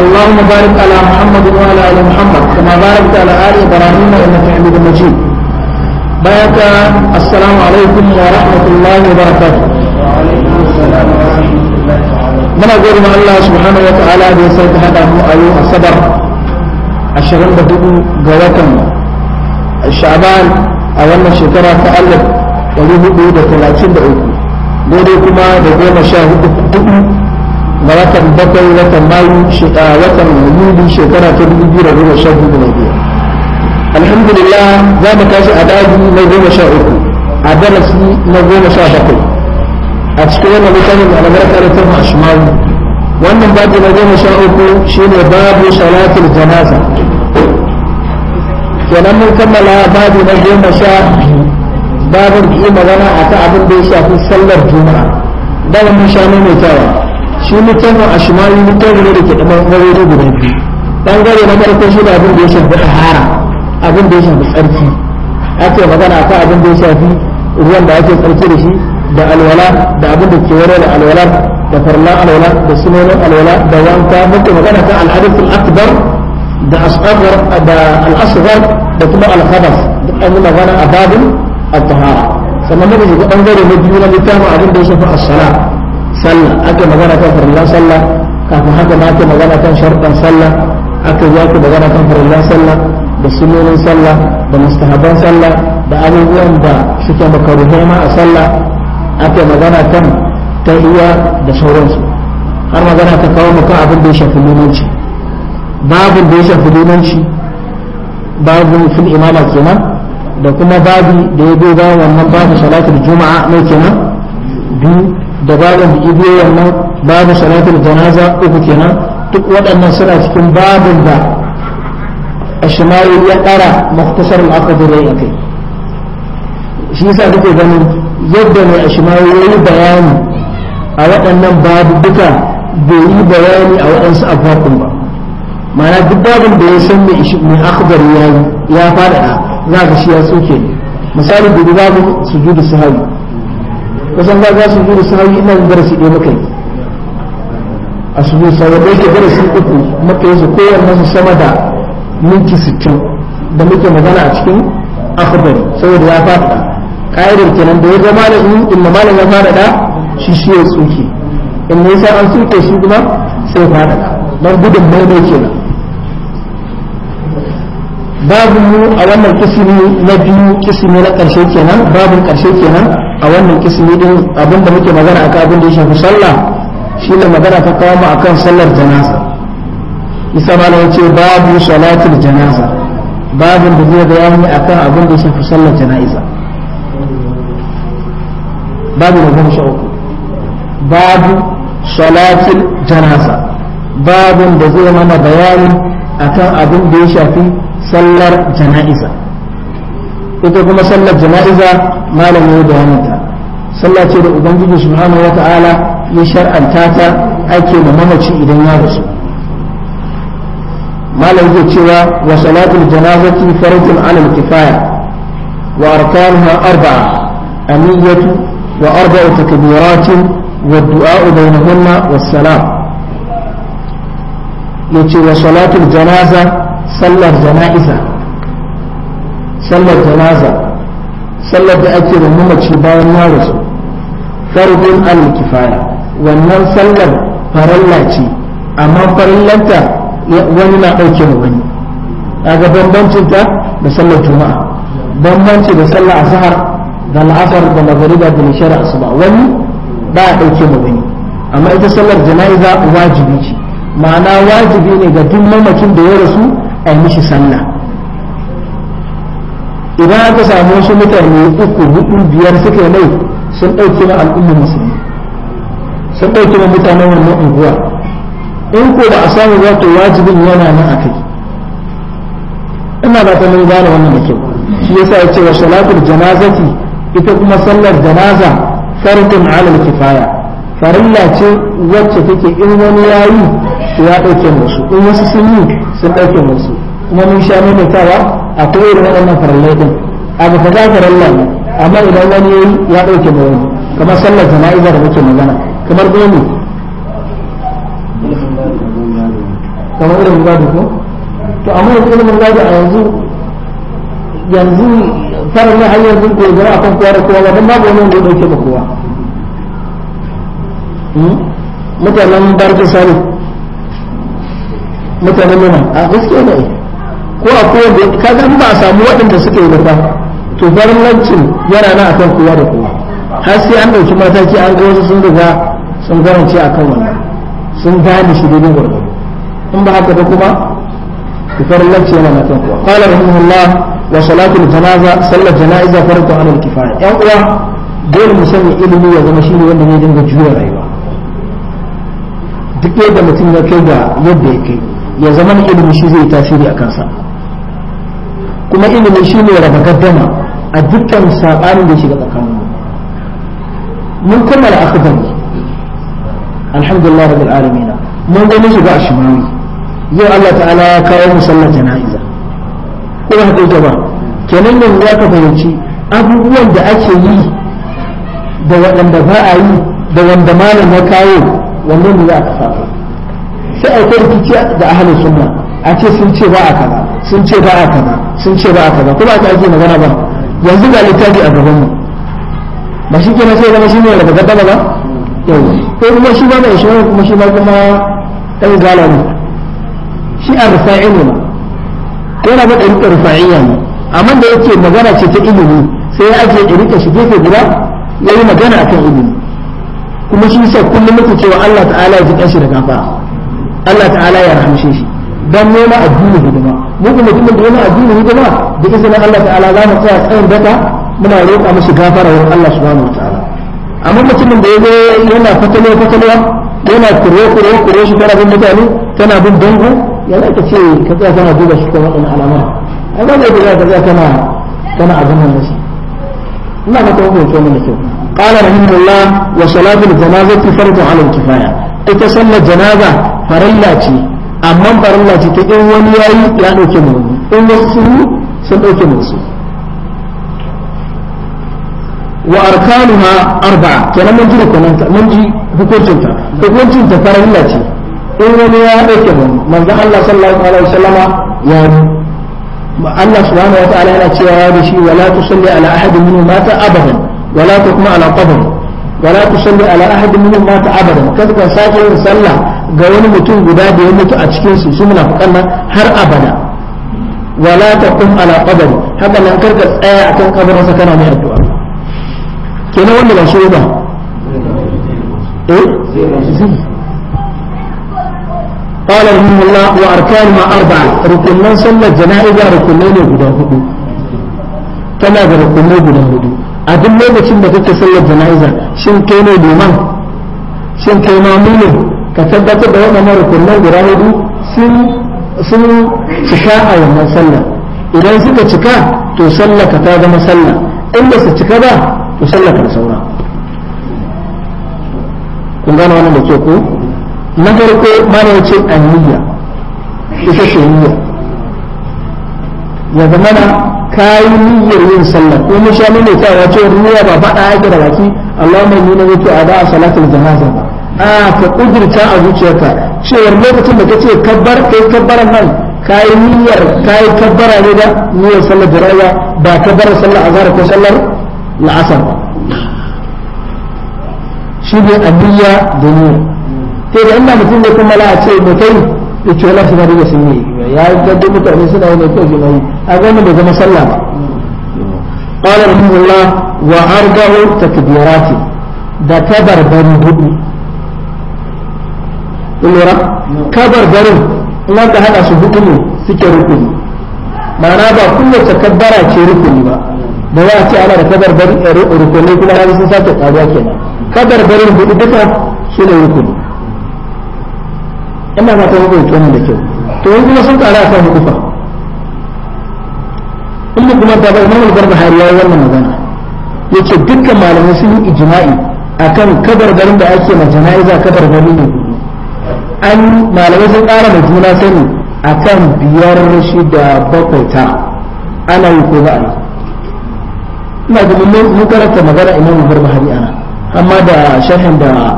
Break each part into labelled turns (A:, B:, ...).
A: اللهم بارك على محمد وعلى ال محمد كما باركت على ال ابراهيم انك حميد مجيد بارك السلام عليكم ورحمه الله وبركاته muna gode ma Allah subhanahu wa ta'ala da ya sake hada mu a yau asabar 24 ga watan sha'ban a wannan shekara ta alif 433 daidai kuma da goma sha hudu na watan bakwai watan mayu watan yuli shekara ta dubu biyu da goma sha biyu da biyu alhamdulillah za mu tashi a daji na goma sha uku a darasi na goma sha bakwai a cikin wannan littafin da albarka da tafi ashmawi wannan baji na goma sha uku shine babu salatul janaza kenan mun kammala babi na goma sha babin da yi magana a ta abin da ya shafi sallar juma'a da mun sha maimaitawa shi littafin a shimayi littafi ne da ke ɗan ɓangarori guda biyu ɓangare na farko shi da abin da ya shafi ɗahara abin da ya shafi tsarki ake magana akan abin da ya shafi ruwan da ake tsarki da shi da alwala da abin da ke wani da alwala da farla alwala da sunonin alwala da wanka muke magana kan al'adatul akbar da asghar da al-asghar da kuma al-khabath duk an yi magana a babin at-tahara sannan muka shiga bangare na biyu na littafin abin da ya shafi as-salat sallah ake magana kan farillan sallah kafin haka ma ake magana kan sharɗan sallah aka zo aka magana kan farillan sallah da sunonin sallah da mustahaban sallah da abubuwan da suke makaruhai ma a sallah ake magana kan tahiyya da sauransu har magana ta kawo maka abin da ya shafi limanci babin da ya shafi limanci babin fil imama kenan da kuma babu da ya goga wannan babu salatul juma'a mai kenan biyu da babin da ibiyo wannan babu salatul janaza uku kenan duk waɗannan suna cikin babin da ashmail ya ƙara muktasar al-aqdari kai. shi yasa kake ganin yadda mai ashmail ya yi bayani a waɗannan babu duka bai yi bayani a waɗansu afakun ba ma'ana duk babin da ya san mai akhdar ya yi ya faɗaɗa za ka shi ya soke misali da babin su sahabi kusan za su jiri sahayi ina yin darasi ɗaya muka yi a su jiri sahayi ɗaya ke darasi uku maka yi su kowanne su sama da minti sittin da muke magana a cikin akhbari saboda ya faɗa ƙa'idar kenan da ya zama da in inda malam ya fara da shi shi ya tsuke in ne sai an tsuke shi kuma sai fara da don gudun maimai kenan babu mu a wannan kisimi na biyu kisimi na ƙarshe kenan babu ƙarshe kenan a wannan kismi din abin da muke magana akan abin da ya shafi sallah shi magana ta kawo mu akan sallar janaza isa malam ce babu salatul janaza babin da zai bayani akan abin da ya shafi sallar janaza babu da goma babu salatul janaza babin da zai mana bayani akan abin da ya shafi sallar jana'iza ita kuma sallar jana'iza Malam ya malamin bayaninta sallah ce da ubangiji subhanahu wata'ala ya shar'anta ta ake da mamaci idan ya rasu malam zai cewa wa salatul janazati faradun alal kifaya wa arkanuha arba'a aniyatu wa arba'u takbiratin والدعاء بينهن والسلام يتي وصلاة الجنازة صلى الجنائزة Sallar الجنازة sallar da ake da mamaci bayan ya rasu fardun al-kifaya wannan sallar farilla ce amma farillanta wani na ɗauke da wani kaga bambancin da sallar juma'a bambanci da sallar asahar da al'asar da magariba da nishara asuba wani ba a ɗauke da wani amma ita sallar jana'iza wajibi ce ma'ana wajibi ne ga duk mamacin da ya rasu a yi mishi sallah idan aka samu wasu mutane uku hudu biyar suka yi mai sun ɗauki na al'ummar musulmi sun ɗauki na mutanen wannan unguwa in ko ba a samu za to wajibin yana nan a kai ina ba ta mai gane wannan da kyau shi yasa ya ce wa salatul janazati ita kuma sallar janaza farkin alal kifaya farilla ce wacce take in wani yayi ya ɗauke musu in wasu sun yi sun ɗauke musu kuma mun sha maimaitawa a akwai irin waɗannan farallai din abu kaza farallan amma idan wani ya ɗauke da wani kamar sallar jana'iza da muke magana kamar gani kamar irin gado ko to amma yanzu ilimin gado a yanzu yanzu farallai har yanzu ko zama akan kowa da kowa don babu wani wanda ya ɗauke da kowa hmm? mutanen barki sani mutanen nuna a gaskiya ne ko a kowanne ka ga ba a samu waɗanda suka yi ba to farlancin yana na akan kowa da kowa har sai an ɗauki mataki an ga wasu sun riga sun garance akan wannan sun gane shi daidai gwargwado in ba haka ba kuma to farlancin yana na akan kowa qala rahimahullah wa salatu janaza sallar janaiza farko anil kifaya yan uwa dole mu sanya ilimi ya zama shine wanda ne dinga juya rayuwa duk yadda mutum ya kai ga yadda ya kai ya zama ilimi shi zai tasiri a kansa kuma ilimi shine raba gaddama a dukkan sabanin da shiga tsakanin mun kammala akhbari alhamdulillah rabbil alamin mun gani shiga ashmawi yau Allah ta'ala ya kawo musallar jana'iza ko ba ka ba kenan yanzu za ka fahimci abubuwan da ake yi da waɗanda ba a yi da wanda malam ya kawo wannan da za a kafa sai a rikici da ahalin sunna a ce sun ce ba a kaza sun ce ba a kaza sun ce ba a kaza kuma aka ake magana ba yanzu ga littafi a gaban mu ba shi kenan sai zama shi ne daga gaba ba yau ko kuma shi ba mai shawara kuma shi ba kuma ɗan zala ne shi a rufa'i ne ko na ba ɗarika rufa'iyya ne amma da yake magana ce ta ilimi sai ya ajiye ɗarika shi gefe guda ya yi magana akan ilimi kuma shi sa kullum muke cewa Allah ta'ala ya ji ƙanshi da gafa Allah ta'ala ya rahamshe shi dan nema addini hidima mu kuma mutumin da yana addini hidima da izinin Allah ta'ala za mu tsaya tsayin daka muna roƙa mishi gafara wa Allah subhanahu wataala amma mutumin da yazo yana fatalo fatalo yana kure kure kure shi tana bin mutane tana bin dango ya za ka ce ka tsaya kana duba shi ta waɗannan alamar a ba zai ka tsaya kana kana azumin nashi ina fata ku fahimta mana kyau قال رحمه الله وصلاة الجنازة فرض على الكفاية إتصل الجنازة فرلا amma farilla ce ta in wani yayi ya dauke mu in wasu sun sun dauke mu su wa arkanuha arba'a kenan mun ji kenan mun ji hukuncin ta hukuncin ta farilla ce in wani ya dauke mu manzo Allah sallallahu alaihi wasallama ya Allah subhanahu wa ta'ala yana cewa da shi wala tusalli ala ahadin minhum mata abadan wala taqum ala qabri wala tusalli ala ahadin minhum mata abadan kada ka sake yin sallah ga wani mutum guda da ya mutu a cikin su su munafiqan nan har abada wala kun ala qabri haka nan karka tsaya akan kabarin sa kana mai addu'a kenan wanda ba shi ba eh قال رحمه الله وأركانها أربعة ركنان صلى الجنائز ركنين guda hudu tana da rukunai guda hudu a duk lokacin da kake sallar jana'iza shin kai ne liman shin kai ne ka tabbatar da wannan rukunan guda hudu sun sun cika a wannan sallah idan suka cika to sallah ka ta zama sallah in ba su cika ba to sallah ka saura kun gane wannan da ke ku na farko mana ya ce aniyya ita ce niyya ya zama na kayi niyyar yin sallah ko mu sha ne ta wace niyya ba faɗa ake da baki Allahumma inni nawaitu ada salatul janaza ba a ka kudirta a zuciyarka cewar lokacin da ka ce kabbar kai kabbaran nan ka yi niyyar ka yi kabbara ne da niyyar sallar jara'a ba kabbara sallar azhar ko sallar la'asar ba shi ne aniyya da niyya sai da inda mutum ne kuma la a ce mutai ya ce wala suna da sun yi ya gaddu mutane suna yi ne ko jima'i a gani bai zama sallah ba قال رحمه الله وأربع تكبيرات ده كبر بن هدو kun lura kabarbarin ina ka hada su hudu ne suke rukuni ma'ana ba kowace kabbara ce rukuni ba da za a ce ana da kabarbarin eh, rukuni kuma hali sun sake karuwa kenan kabarbarin hudu duka su ne rukuni ina ba ta yanke wannan da kyau to yanzu kuma sun kara akan hukufa fa kuma ta ba imamul ya yi wannan magana yace dukkan malamai sun yi ijma'i akan kabar garin da ake ma jana'iza garin ne an malamai sun ƙara da juna sani akan biyar da bakwai ta ana yi ko ba ina da mun karanta magana imamu bahari ana amma da sharhin da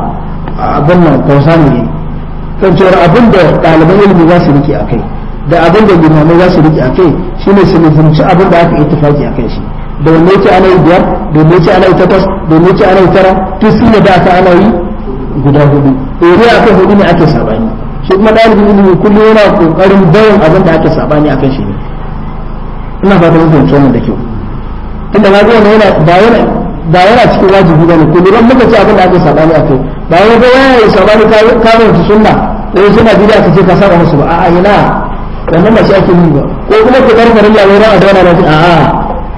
A: abin nan kausani ne kan cewar abin da ɗaliban ilimi za su riƙe a kai da abin da limamai za su riƙe a kai shi ne su nufinci abin da aka yi tufaki a kai shi da wanne yake ana yi biyar da wanne ana yi takwas da wanne ana yi tara tun sun da aka ana yi guda hudu eh, a kan hudu ne ake sabani shi kuma ɗalibin ilimi kullum yana kokarin bayan abin da ake sabani akan shi ne ina fata mun fahimci da kyau tunda ma zuwa yana ba yana ba yana cikin wajibi bane kullum ran muka ce abin da ake sabani kai ba yana ba yana yi sabani ka ka mutu sunna ko suna bidi ta ce ka saba musu ba a'a yana wannan ba shi ake yi ba ko kuma ka karfa rilla wai ra'a da wani ce a'a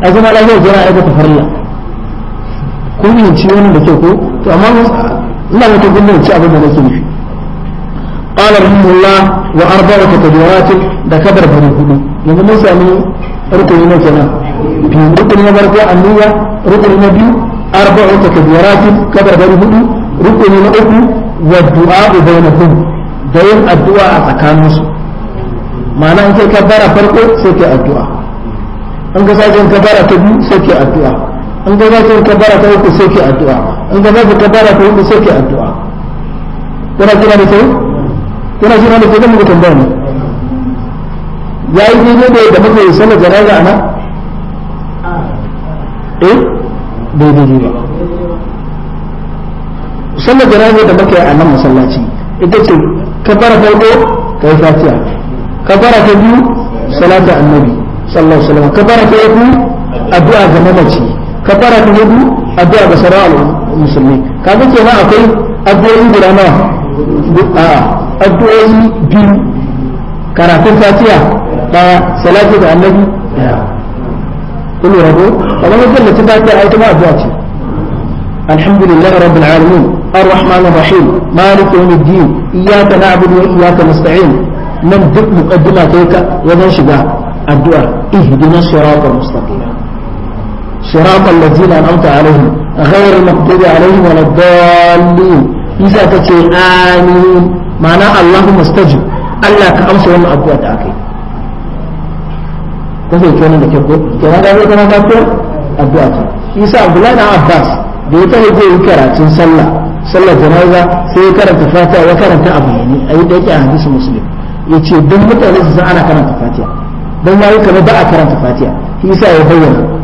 A: azuma lafiya jira aikata farilla kun yi ciwon da kyau ko to amma ina wata ci abin da na suna shi ƙalar mulla wa arzawa ta tajiyarwacin da kadar bari hudu na zama sami rukuni na jana biyu rukuni na barfi a niya na biyu arzawa ta tajiyarwacin kadar bari hudu rukuni na uku wa du'a uba na kun da addu'a a ma'ana in ke kabara farko sai addu'a in ka sa ke kabara ta biyu sai ke addu'a ka sa ke addu'a in ga babu kabbara ta hudu sai ke addu'a kuna kira da sai kuna kira da sai muka tambaya ne yayi daidai da muka yi sallar janaza ana eh daidai ba sallar janaza da muka yi a nan masallaci ita ce kabbara farko kai fatiha kabbara ta biyu salatu annabi sallallahu alaihi wasallam kabbara ta uku addu'a ga mamaci kabbara ta hudu addu'a ga sarau musulmi kaga kenan akwai addu'o'i guda nawa a addu'o'i biyu karatun fatiya daya salatu da annabi kullu rabu rabo kamar yadda ta fatiha ai kuma addu'a ce alhamdulillah rabbil alamin arrahman الرحمن الرحيم مالك iyyaka na'budu wa iyyaka nasta'in nan duk دك مقدمة تلك wajen shiga addu'a اهدنا siratal mustaqim siratal ladzina an'amta alaihim غير المغضوب عليهم ولا الضالين يسا تتي آمين معنى اللهم استجب الله كأمس وانا أبوة تأكي كيف يكون لك يقول كما قال لك أنا أبوة أبوة يسا عبد الله بن عباس بيته يجي يكرا صلى صلى جنازة sai karanta fatiha ya karanta a bayani a yi ɗauki a hadisi muslim ya ce don mutane su san ana karanta fatiha don ya yi kama ba a karanta fatiha shi yasa ya bayyana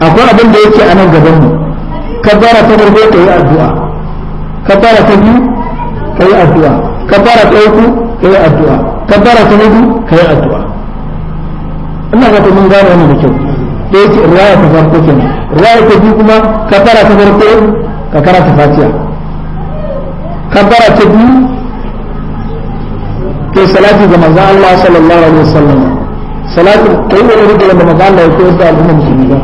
A: akwai abin da yake a nan gaban mu kabbara ta farko ka yi addu'a kabbara ta biyu ka yi addu'a kabbara ta uku ka yi addu'a kabbara ta hudu ka yi addu'a ina ga mun gane wannan da kyau da yake riwaya ta farko kenan riwaya ta biyu kuma kabbara ta farko ka karanta fatiha kabbara ta biyu ke salati ga manzon Allah sallallahu alaihi wasallam salatu yi wani rigila da manzon Allah ya koyar da al'ummar musulmi ba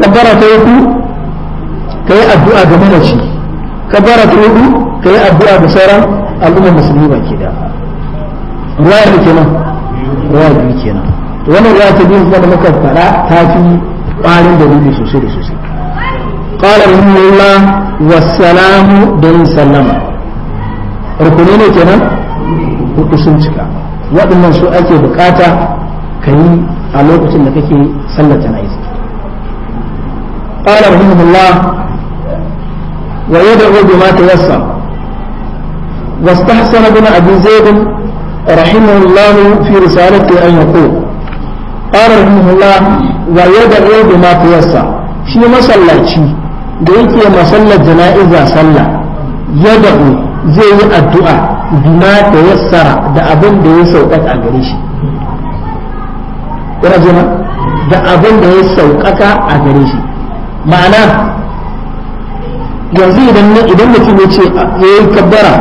A: kaddara ta yi ka yi addu’a ga mana shi kaddara ta yi ka yi addu’a ga sauran al’ummar musulmi ba ke da ruwa ne kenan ruwa biyu kenan wani ruwa ta biyu zama muka fada ta fi ƙwarin da ruɗe sosai da sosai ƙwarar rumula wa salamu don sallama rukuni ne kenan hudu sun cika waɗannan su ake bukata ka yi a lokacin da kake sallata na isa قال رحمه الله ويدعو بما تيسر واستحسن ابن أبي زيد رحمه الله في رسالته أن يقول قال رحمه الله ويدعو بما تيسر في da yake masallar jana'iza sallah ya da'u yi addu'a bima da yassara da abin da ya sauƙaƙa gare da ya a gare shi ma'ana yanzu idan idan mutum ya ce ya yi kabbara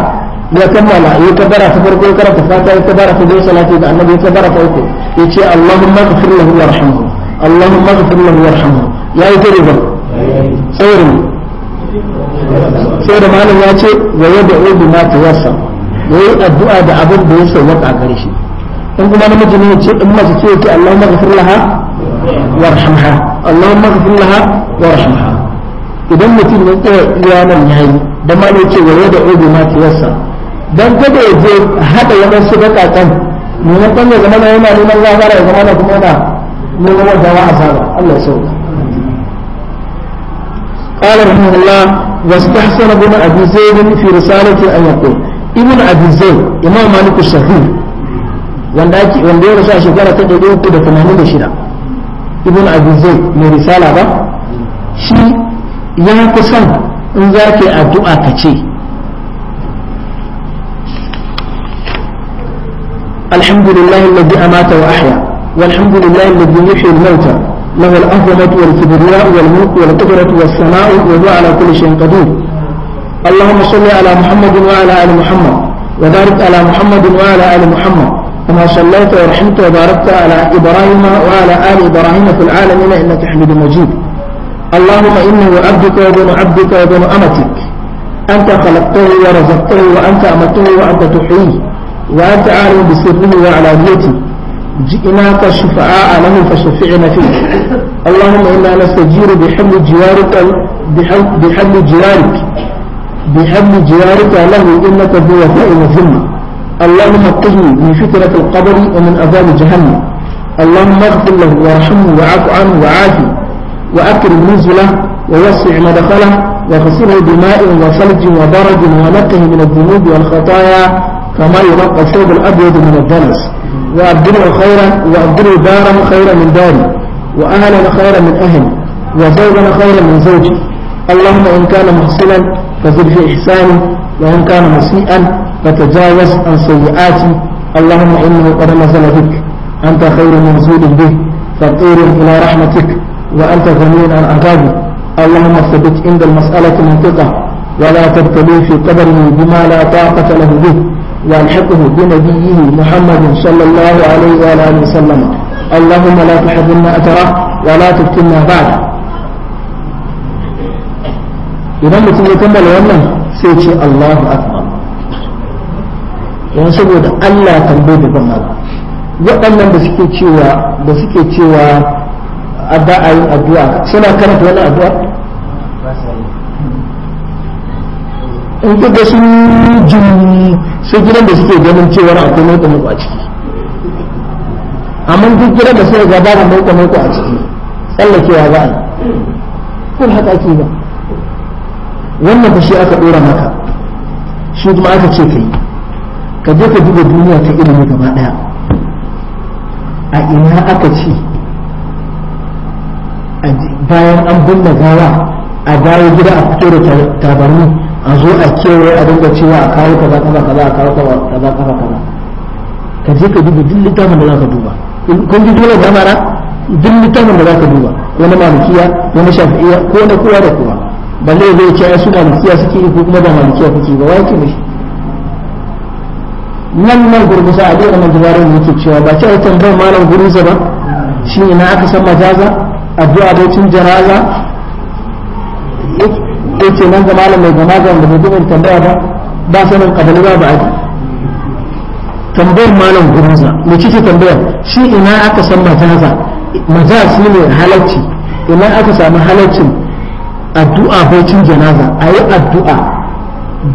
A: ya kammala ya kabbara ta farko ya karanta fata ya kabbara ta biyu salati da annabi ya kabbara ta uku ya ce Allahumma ghfir lahu warhamhu Allahumma ghfir lahu warhamhu ya yi ta riba saurin sai da malam ya ce wa yad'u ta yasa yayi addu'a da abin da ya sauka a gare shi in kuma namiji ne ya ce in mace ce ya ce Allahumma ghfir laha warhamha Allahumma ighfir laha warhamha idan mutum ya tsaya iya nan yayi da ma ne ce waye da obi ma tiyarsa dan kada ya je hada yaman su bakakan maimakon ya zama yana neman gafara ya zama kuma yana neman wadawa azaba Allah ya قال رحمه الله واستحسن ابن ابي زيد في رسالته ان يقول ابن ابي زيد امام مالك الشهير wanda ya rasu a shekara ta 386 ibn abu mai risala ba shi ya fi son in za yi addu'a ka ce alhamdulillah alladhi amata wa ahya walhamdulillah alladhi yuhyi al-mauta له العظمة والكبرياء والملك والقدرة والسماء وهو على كل شيء قدير اللهم صل على محمد وعلى آل محمد وبارك على محمد وعلى آل محمد كما صليت ورحمت وباركت على إبراهيم وعلى آل إبراهيم في العالمين إنك حميد مجيد اللهم إنه عبدك وابن عبدك وابن أمتك أنت خلقته ورزقته وأنت أمته وأنت تحييه وأنت عالم بسره وعلانيته جئناك شفعاء له فشفعنا فيه اللهم إنا نستجير بحمل جوارك بحمل جوارك بحمل جوارك له إنك ذو وفاء وذمه اللهم اتقه من فتنة القبر ومن أذان جهنم اللهم اغفر له وارحمه وعف عنه وعافي وأكرم نزله ووسع مدخله وغسله بماء وثلج وبرد ونقه من الذنوب والخطايا كما يرقى الثوب الأبيض من الدنس وأبدله خيرا وأبدله دارا خيرا من داري وأهلا خيرا من أهلي وزوجا خيرا من زوجي اللهم إن كان محسنا فزد في إحسانه وإن كان مسيئا فتجاوز عن سيئاتي اللهم إنه قد نزل بك أنت خير منزول به فقير إلى رحمتك وأنت غني عن عذابي اللهم ثبت عند المسألة منطقة ولا تبتلي في قدره بما لا طاقة له به والحقه بنبيه محمد صلى الله عليه وآله وسلم اللهم لا تحرمنا أتراه ولا تبتلنا بعد إذا متى ya kammala سيتي الله أكبر don saboda Allah ya da ban waɗannan da suke cewa da suke cewa ba a yin addu'a suna karanta wani addu'a in ka ga sun jini sai gidan da suke ganin cewa akwai mota mota a ciki amma duk gidan da suka gaba da mota mota a ciki tsallakewa ba a kun haka ake ba wannan ba shi aka ɗora maka shi kuma aka ce ka yi ka je ka duba duniya ta ilimi gaba daya a ina aka ce bayan an bulla gawa a bayan gida a fito da tabarni a zo a kewaye a dinga cewa a kawo kaza kaza kaza a kawo kaza kaza kaza ka je ka duba duk littafin da za ka duba kun ji dole zama mara duk littafin da za ka duba wani malikiya wani shafi'iya ko na kowa da kowa balle zai ce ai su malikiya suke yi ko kuma ba malikiya kuke ba wai ke mishi nan nan gurgusa a dina majabarin yake cewa ba ce a tambayar malam gurgusa ba shi ne na aka san majaza addu'a bacin janaza yake nan ga malam mai gama ga mai gudun tambaya ba ba sanin kabali ba ba a tambayar malam gurgusa mai kike tambaya shi ina aka san majaza majaza shi ne halacci ina aka samu halaccin addu'a bacin janaza a yi addu'a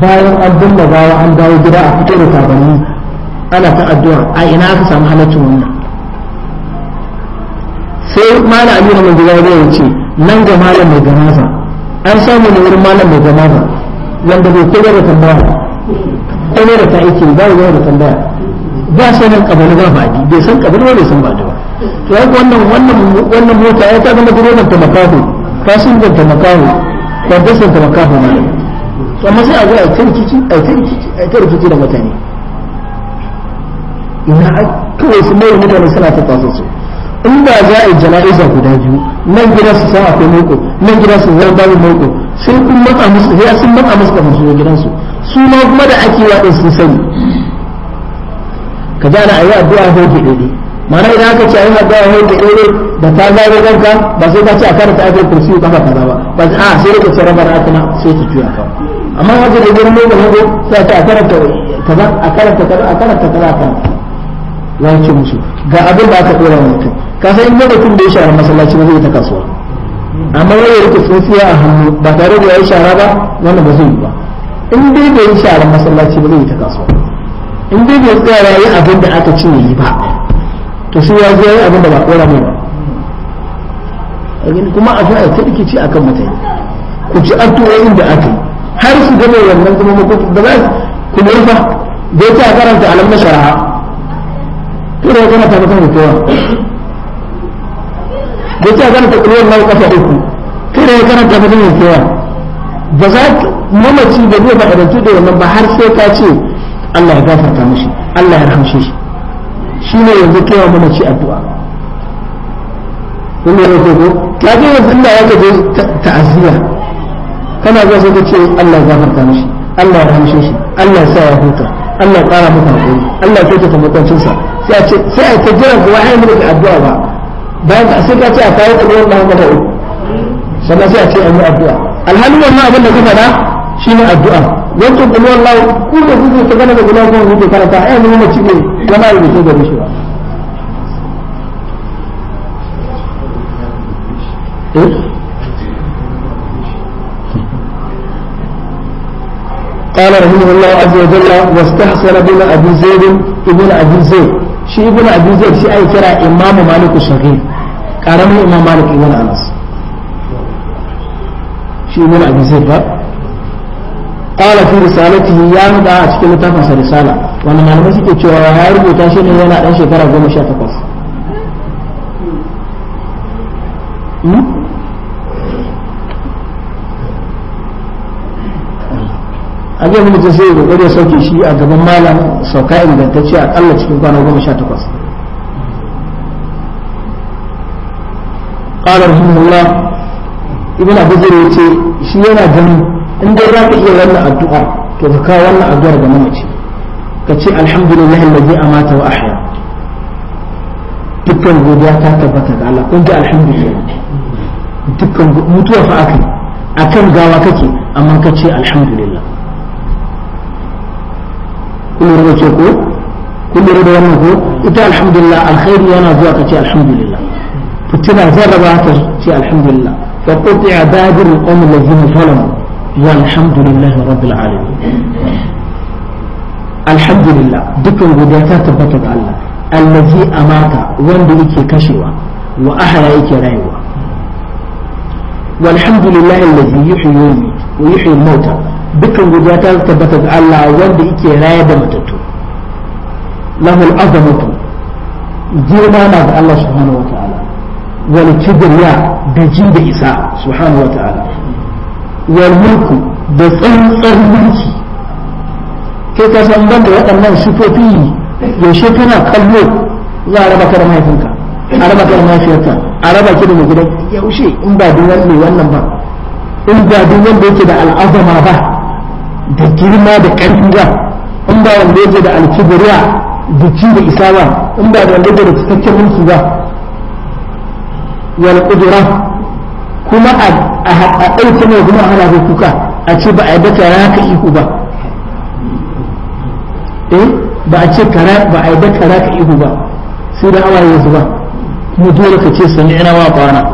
A: bayan an dinga bawa an dawo gida a fito da tabanni ana ta addu'a a ina aka samu halaccin wannan sai mana aminu mai gida zai ce nan ga malam mai gamaza an samu ne wurin malam mai gamaza wanda bai koyar da tambaya koyar da ta aiki ba ya da tambaya ba sanin kabali ba faɗi bai san kabali ba bai san ba da ba to haka wannan wannan wannan mota ya ta zama direban ta makaho fasinjan ta makaho kwandasan ta makaho malam to amma sai a zo a ta a ta rikici da mutane ina kawai su mai mutane suna ta kwasa su in ba za a yi jana'iza guda biyu nan gida su san akwai moko nan gida su zai babu moko sai kun matsa musu sai sun matsa musu kafin su zo gidansu su ma kuma da ake waɗin sun sani ka jana a yi addu'a ke daidai ma'ana idan aka ce a yi addu'a ke daidai da ta zaɓi kanka ba sai ka ce a ta ake kursi kafa kaza ba ba a sai ka ce rabana atana sai ta juya kawai amma wajen da gurin mai gaba sai ta karanta kaza a karanta kaza a karanta kaza kan wace musu ga abin da aka dora mutum ka san in mutum da ya share masallaci ba zai ta kasuwa amma wani yake tsintsiya a hannu ba tare da ya yi shara ba wannan ba zai yi ba in dai da yi shara masallaci ba zai yi ta kasuwa in dai bai tsaya ya yi abin da aka ce yi ba to shi ya zai yi abin da ba kora mai ba kuma a fi a ta rikici akan mutane ku ci addu'o'in da aka yi har su gane wannan kuma mutum da zai su kuma yi fa da ya a karanta alam na shara'a to da kana ta mutum kowa da ya a karanta kulwar na kafa uku to da kana ta mutum kowa ba za mamaci da zai faɗaɗantu da wannan ba har sai ka ce Allah ya gafarta mishi Allah ya rahamshe shi shi ne yanzu kewa mamaci addu'a kun ne ko ko ka ga yanzu Allah ya gaje ta'aziyya kana zuwa sai ka ce Allah ya gafarta mishi Allah ya rahmshe shi Allah ya sa ya huta Allah ya ƙara maka hakuri Allah ya kyautata mutuncinsa sai a ce sai a ta jira ga wani mu da addu'a ba bayan ka sai ka ce a kawo kalmar Muhammad da uku sannan sai a ce an yi addu'a alhalin wannan abin da ka faɗa shine addu'a wancan kullu Allah ku da kuke ta gana da gulan kun kuke karanta ai mun mace ne kana da shi da shi ba eh قال رحمه الله عز وجل واستحسن ابن ابي زيد ابن ابي زيد شي ابن ابي زيد شي اي كرا امام مالك الشهير كرم امام مالك ابن انس شي ابن ابي زيد قال في رسالته يا مدى اشكال تفاس رسالة وانا ما نمسي كتوا يا ربو تاشين ينا انشي كرا قوم شاتقف a ga mutum sai ya kokari ya sauke shi a gaban malam sauka ingantacce a kalla cikin kwana goma sha takwas قال رحمه الله ابن ابو ya يتي شي yana ganin in dai za ka iya wannan addu'a to ka kawo wannan addu'ar ga mamaci ka ce alhamdulillah alladhi amata wa ahya dukkan godiya ta tabbata ga Allah kun ji alhamdulillah dukkan mutuwa fa akai akan gawa kake amma ka ce alhamdulillah كل ربا شكو كل ربا ينفو إتا الحمد لله الخير ينا زواك الحمد لله فتنا باتر تي الحمد لله فقطع دابر القوم الذين ظلموا والحمد لله رب العالمين الحمد لله دكتور بداتا تبتك الله الذي أمات وندو إكي كشوا وأحيا إكي رايوا والحمد لله الذي يحيي ويحيي الموتى dukkan guduwa ta tabbata ga Allah wanda yake raya da matattu lahul azamatu girma na ga Allah subhanahu wata'ala wal kibriya da jin da isa subhanahu wata'ala wal mulku da tsantsar mulki kai ka san banda waɗannan sifofi yaushe kana kallo za a raba ka da mahaifinka a raba ka da a raba ki da mai gidan yaushe in ba duk wannan ba in ba duk wanda yake da al'azama ba da girma da ƙarfi ba in ba wanda yake da alkibiriya da ci da isa ba in ba wanda yake da cikakken mulki ba wal qudra kuma a ɗauke mai kuma ana da kuka a ce ba a yadda ka raka ba eh ba a ce kara ba a ka ihu ba sai da kuma dole ka ce wa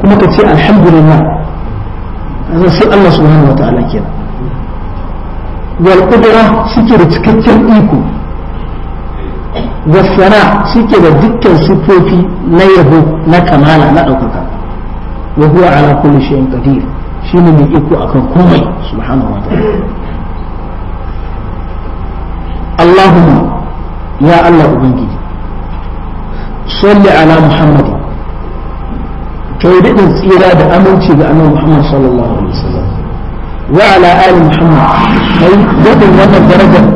A: kuma ka ce alhamdulillah yanzu shi Allah subhanahu wataala kenan wal qudra suke da cikakken iko wasana suke da dukkan sifofi na yabo na kamala na ɗaukaka wa huwa ala kulli shay'in qadir shi ne mai iko akan komai subhanahu wataala Allahumma ya Allah ubangiji salli ala Muhammadin to yi daɗin tsira da aminci ga annabi Muhammad sallallahu alaihi wasallam wa ala ali Muhammad kai daɗin wannan darajar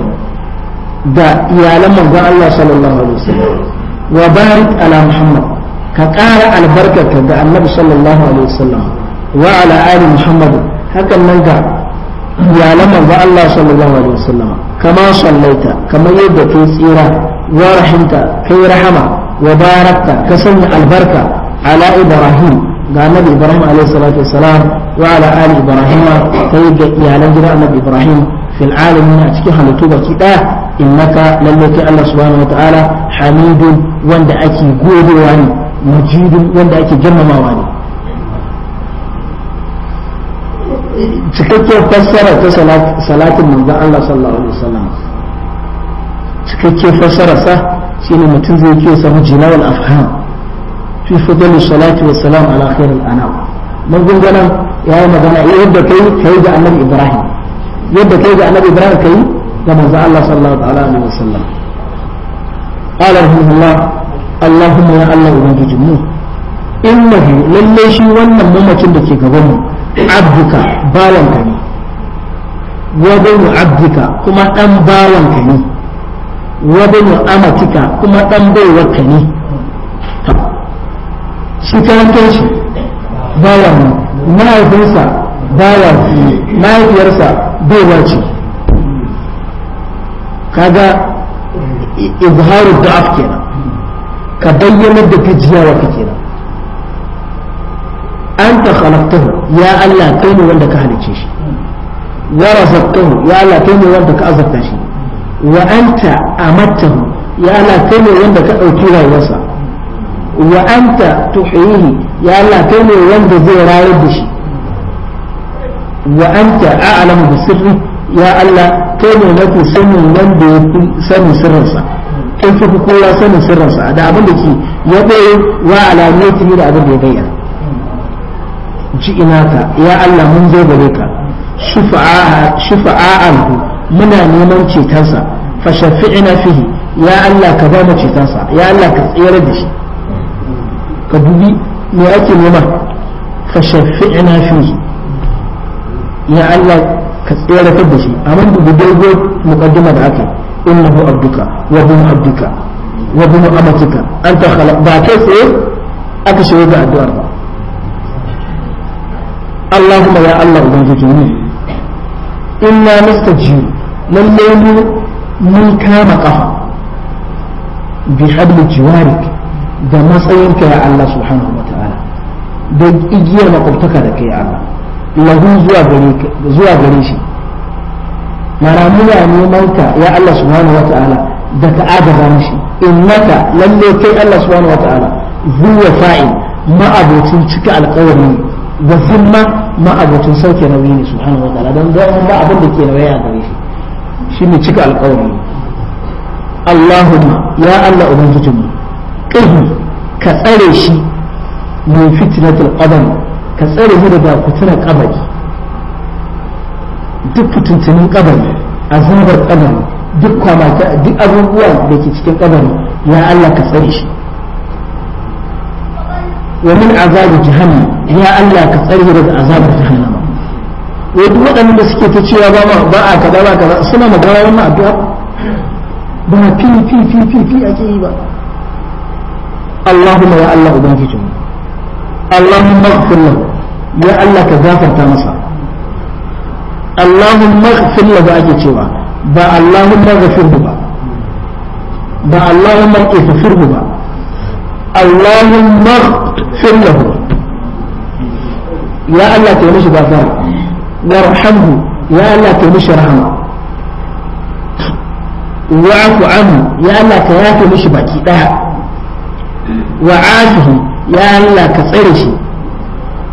A: da iyalan manzon Allah sallallahu alaihi wasallam wa barik ala Muhammad ka ƙara albarkarka ga annabi sallallahu alaihi wasallam wa ala ali Muhammad hakan nan ga iyalan manzon Allah sallallahu alaihi wasallam kama sallaita kamar yadda ke tsira wa rahimta kai rahama wa barakta ka sanya albarka على إبراهيم قال نبي إبراهيم عليه الصلاة والسلام وعلى آل إبراهيم سيد يا لنجر نبي إبراهيم في العالمين أتكي حلتوبة كده إنك للك الله سبحانه وتعالى حميد وند أكي قول واني مجيد وند أكي جمع واني
B: cikakkiyar fassara
A: ta salatin manzon Allah sallallahu alaihi wasallam cikakkiyar fassara sa shine mutum zai ke samu jinawal afham fi fadl salati wa salam ala khair al anam mun gungana yayi magana yadda kai kai ga annabi ibrahim yadda kai ga annabi ibrahim kai ga manzo Allah sallallahu alaihi wa sallam قال رحمه الله اللهم يا الله ubangijin mu lalle shi wannan mamacin da ke gaban mu abduka bawanka ne wa banu abdika kuma dan bawanka ne wa banu amatika kuma dan baiwarka ne
B: shi karantar shi baya mu mahaifinsa
A: baya fi mahaifiyarsa baiwa ce kaga izharu da kenan ka bayyana da gajiyawa ka an anta khalaqtahu ya Allah kai ne wanda ka halice shi wa razaqtahu ya Allah kai ne wanda ka azabta shi wa anta amattahu ya Allah kai ne wanda ka dauki rayuwarsa wa anta tuhyihi ya Allah kai ne wanda zai rayar da shi wa anta a'lamu bi sirri ya Allah kai ne mafi sanin wanda ya fi sanin sirrinsa kai fi kowa sanin sirrinsa da abin da ke ya bai wa alamiyati da abin da ya bayyana ji'inaka ya Allah mun zo gare ka shufa'a'anhu muna neman cetonsa fa shafi'ina fihi ya Allah ka ba mu cetonsa ya Allah ka tsira da shi فدبي مئة وما فشفعنا فيه لعل كسيرة كدشي أمن بدرجة مقدمة عليك إنه عبدك وابن عبدك وابن أمتك أنت خلق إيه؟ إيه بعد أكشوي بعد أربعة اللهم يا الله بنجدوني إنا نستجيب لليل من كان قفا بحبل جوارك da matsayinka ya Allah subhanahu wa ta'ala da igiyar makwabtaka da kai Allah lahu zuwa gare shi mana muna neman ka ya Allah subhanahu wa ta'ala da ka agaza mishi innaka lalle kai Allah subhanahu wa ta'ala zuwa fa'il ma'abocin cika alƙawari da zimma ma'abocin sauke nauyi ne subhanahu wa ta'ala don zai ba abin da ke nauyi a gare shi ne cika alƙawari Allahumma ya Allah ubangijinmu ihu ka tsare shi min fitnatul qadam ka tsare shi daga fitinar ƙabari duk fitintunin kabari azabar kabari duk kwamata duk abubuwan da ke cikin kabari ya Allah ka tsare shi wa min azabi jahannam ya Allah ka tsare shi daga azabar jahannam wai duk waɗanda suke ta cewa ba ba a kaza ba kaza suna magana wannan addu'a ba fi fi fi fi ake yi ba Allahumma ya Allah ubangijinmu Allahumma ighfir lahu ya Allah gafarta masa Allahumma ighfir lahu ake cewa ba Allahumma ghafirhu ba ba Allahumma ighfirhu ba Allahumma ighfir lahu ya Allah ka mishi gafara warhamhu ya Allah ka mishi rahama wa'fu anhu ya Allah ka yafe mishi baki wa afihi ya Allah ka tsare shi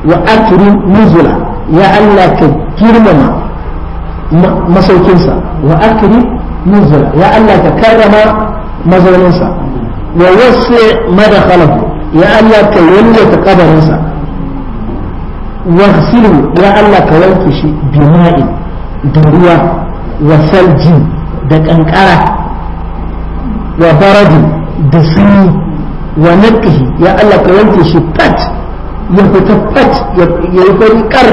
A: wa akrim nuzula ya Allah ka girmama masaukinsa wa akrim nuzula ya Allah ka karrama mazauninsa wa wasi madakhalahu ya Allah ka واغسله يا الله كوانك بماء دروا وثلج دكانكارة وبرد دسني ونقه يا الله كوانك شبات يفتفت كر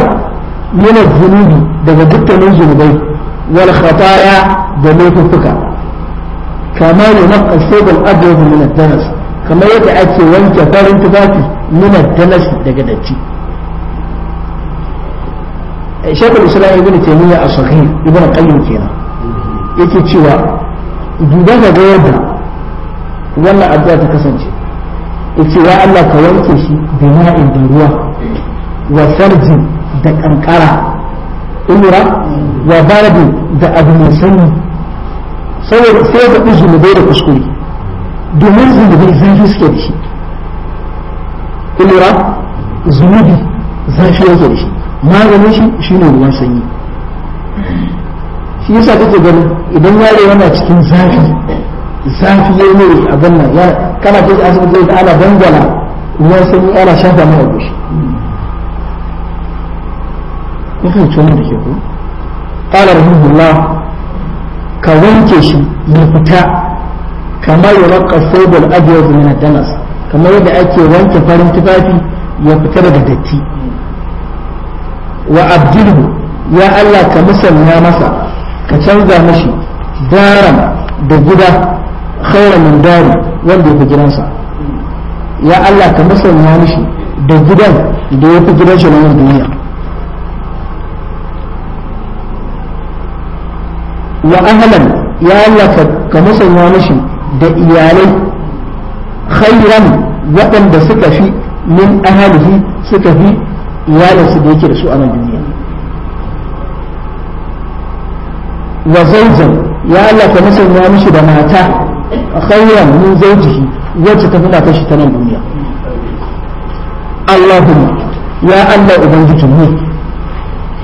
A: من الذنوب ده دكا من ذنوبي والخطايا ده ما فكا كما ينقى الثوب الأبيض من الدنس كما يدعك وانك فارن تفاتي من الدنس ده دكي شيخ الإسلام ابن تيمية الصغير ابن القيم كينا yake تشوى duba ga ولا ابدا تكسنجي yace ya Allah ka wanke shi bina'in da ruwa wa sarjin da kankara umra wa barbi da abu mai sanyi saboda sai da zunubai da kuskure domin zunubai zafi suke da shi umra zunubi zafi yake da shi maganin shi shine ruwan sanyi shi yasa kake ganin idan yare yana cikin zafi zafi ya ne a nan ya kana ta asibiti da ana dangwala ruwan sanyi ana shafa mana gushi ya kan ci da ke ko qala rahimullah ka wanke shi ya fita kamar ya raka sabul abyad min ad-danas kamar yadda ake wanke farin tufafi ya fita daga datti wa abdilhu ya Allah ka musanya masa ka canza mashi daran da gida khaira min dari wanda ya fi gidansa ya Allah ka masanya mishi da gidan da ya fi gidan gidansa na duniya wa ahlan ya Allah ka masanya mishi da iyalai khairan waɗanda suka fi min ahalihi suka fi iyalinsu da yake da su a nan duniya wa zauzan ya Allah ka masanya mishi da mata khayran min zawjihi wacce ta fada kashi ta nan duniya Allahumma ya Allah ubangijin mu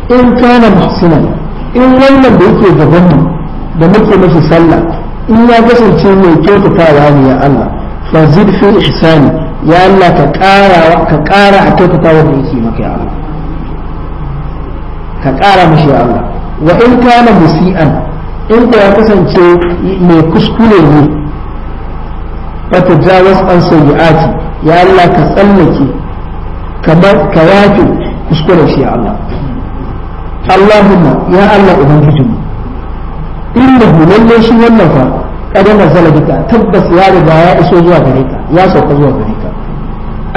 A: in kana muhsinan in wannan da yake gaban mu da muke mashi sallah in ya kasance mai kyautatawa ne ya Allah fa zid fi ya Allah ka ƙara ka ƙara a kyautatawa da yake maka ya ƙara in in ya kasance mai kuskure ne wata jawas an sayyi'ati ya Allah ka tsallake ka yafe kuskuren shi ya Allah Allahumma ya Allah ubangijinmu innahu lalle shi wannan fa kadama zalabika tabbas ya riga ya iso zuwa gare ka ya sauka zuwa gare ka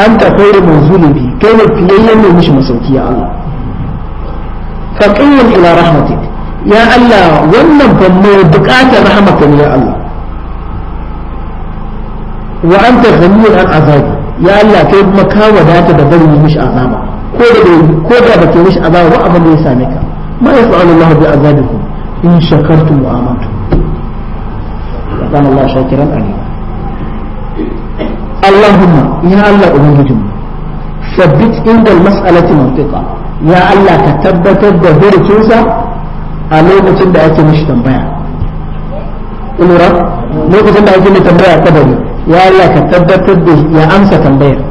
A: an ta kai manzuli bi kai ne fiyayyen ne mishi masauki ya Allah faqiyyan ila rahmatik ya Allah wannan fa mai bukatar rahmatin ya Allah wa anta ghaniyun an azabi ya Allah kai kuma ka wadata da bari mishi azaba ko da ko da bake mishi azaba ba abin da ya same ka ma yaf'alu Allah bi azabikum in shakartum wa amantum kana Allah shakiran alim اللهم يا الله أبنجم ثبت عند المسألة منطقة يا الله كتبت da كيسا ألوك تبدأ أكي مش تنبيع قلوا رب لوك تبدأ أكي تنبيع قدري ya Allah ka tabbatar da ya amsa tambayar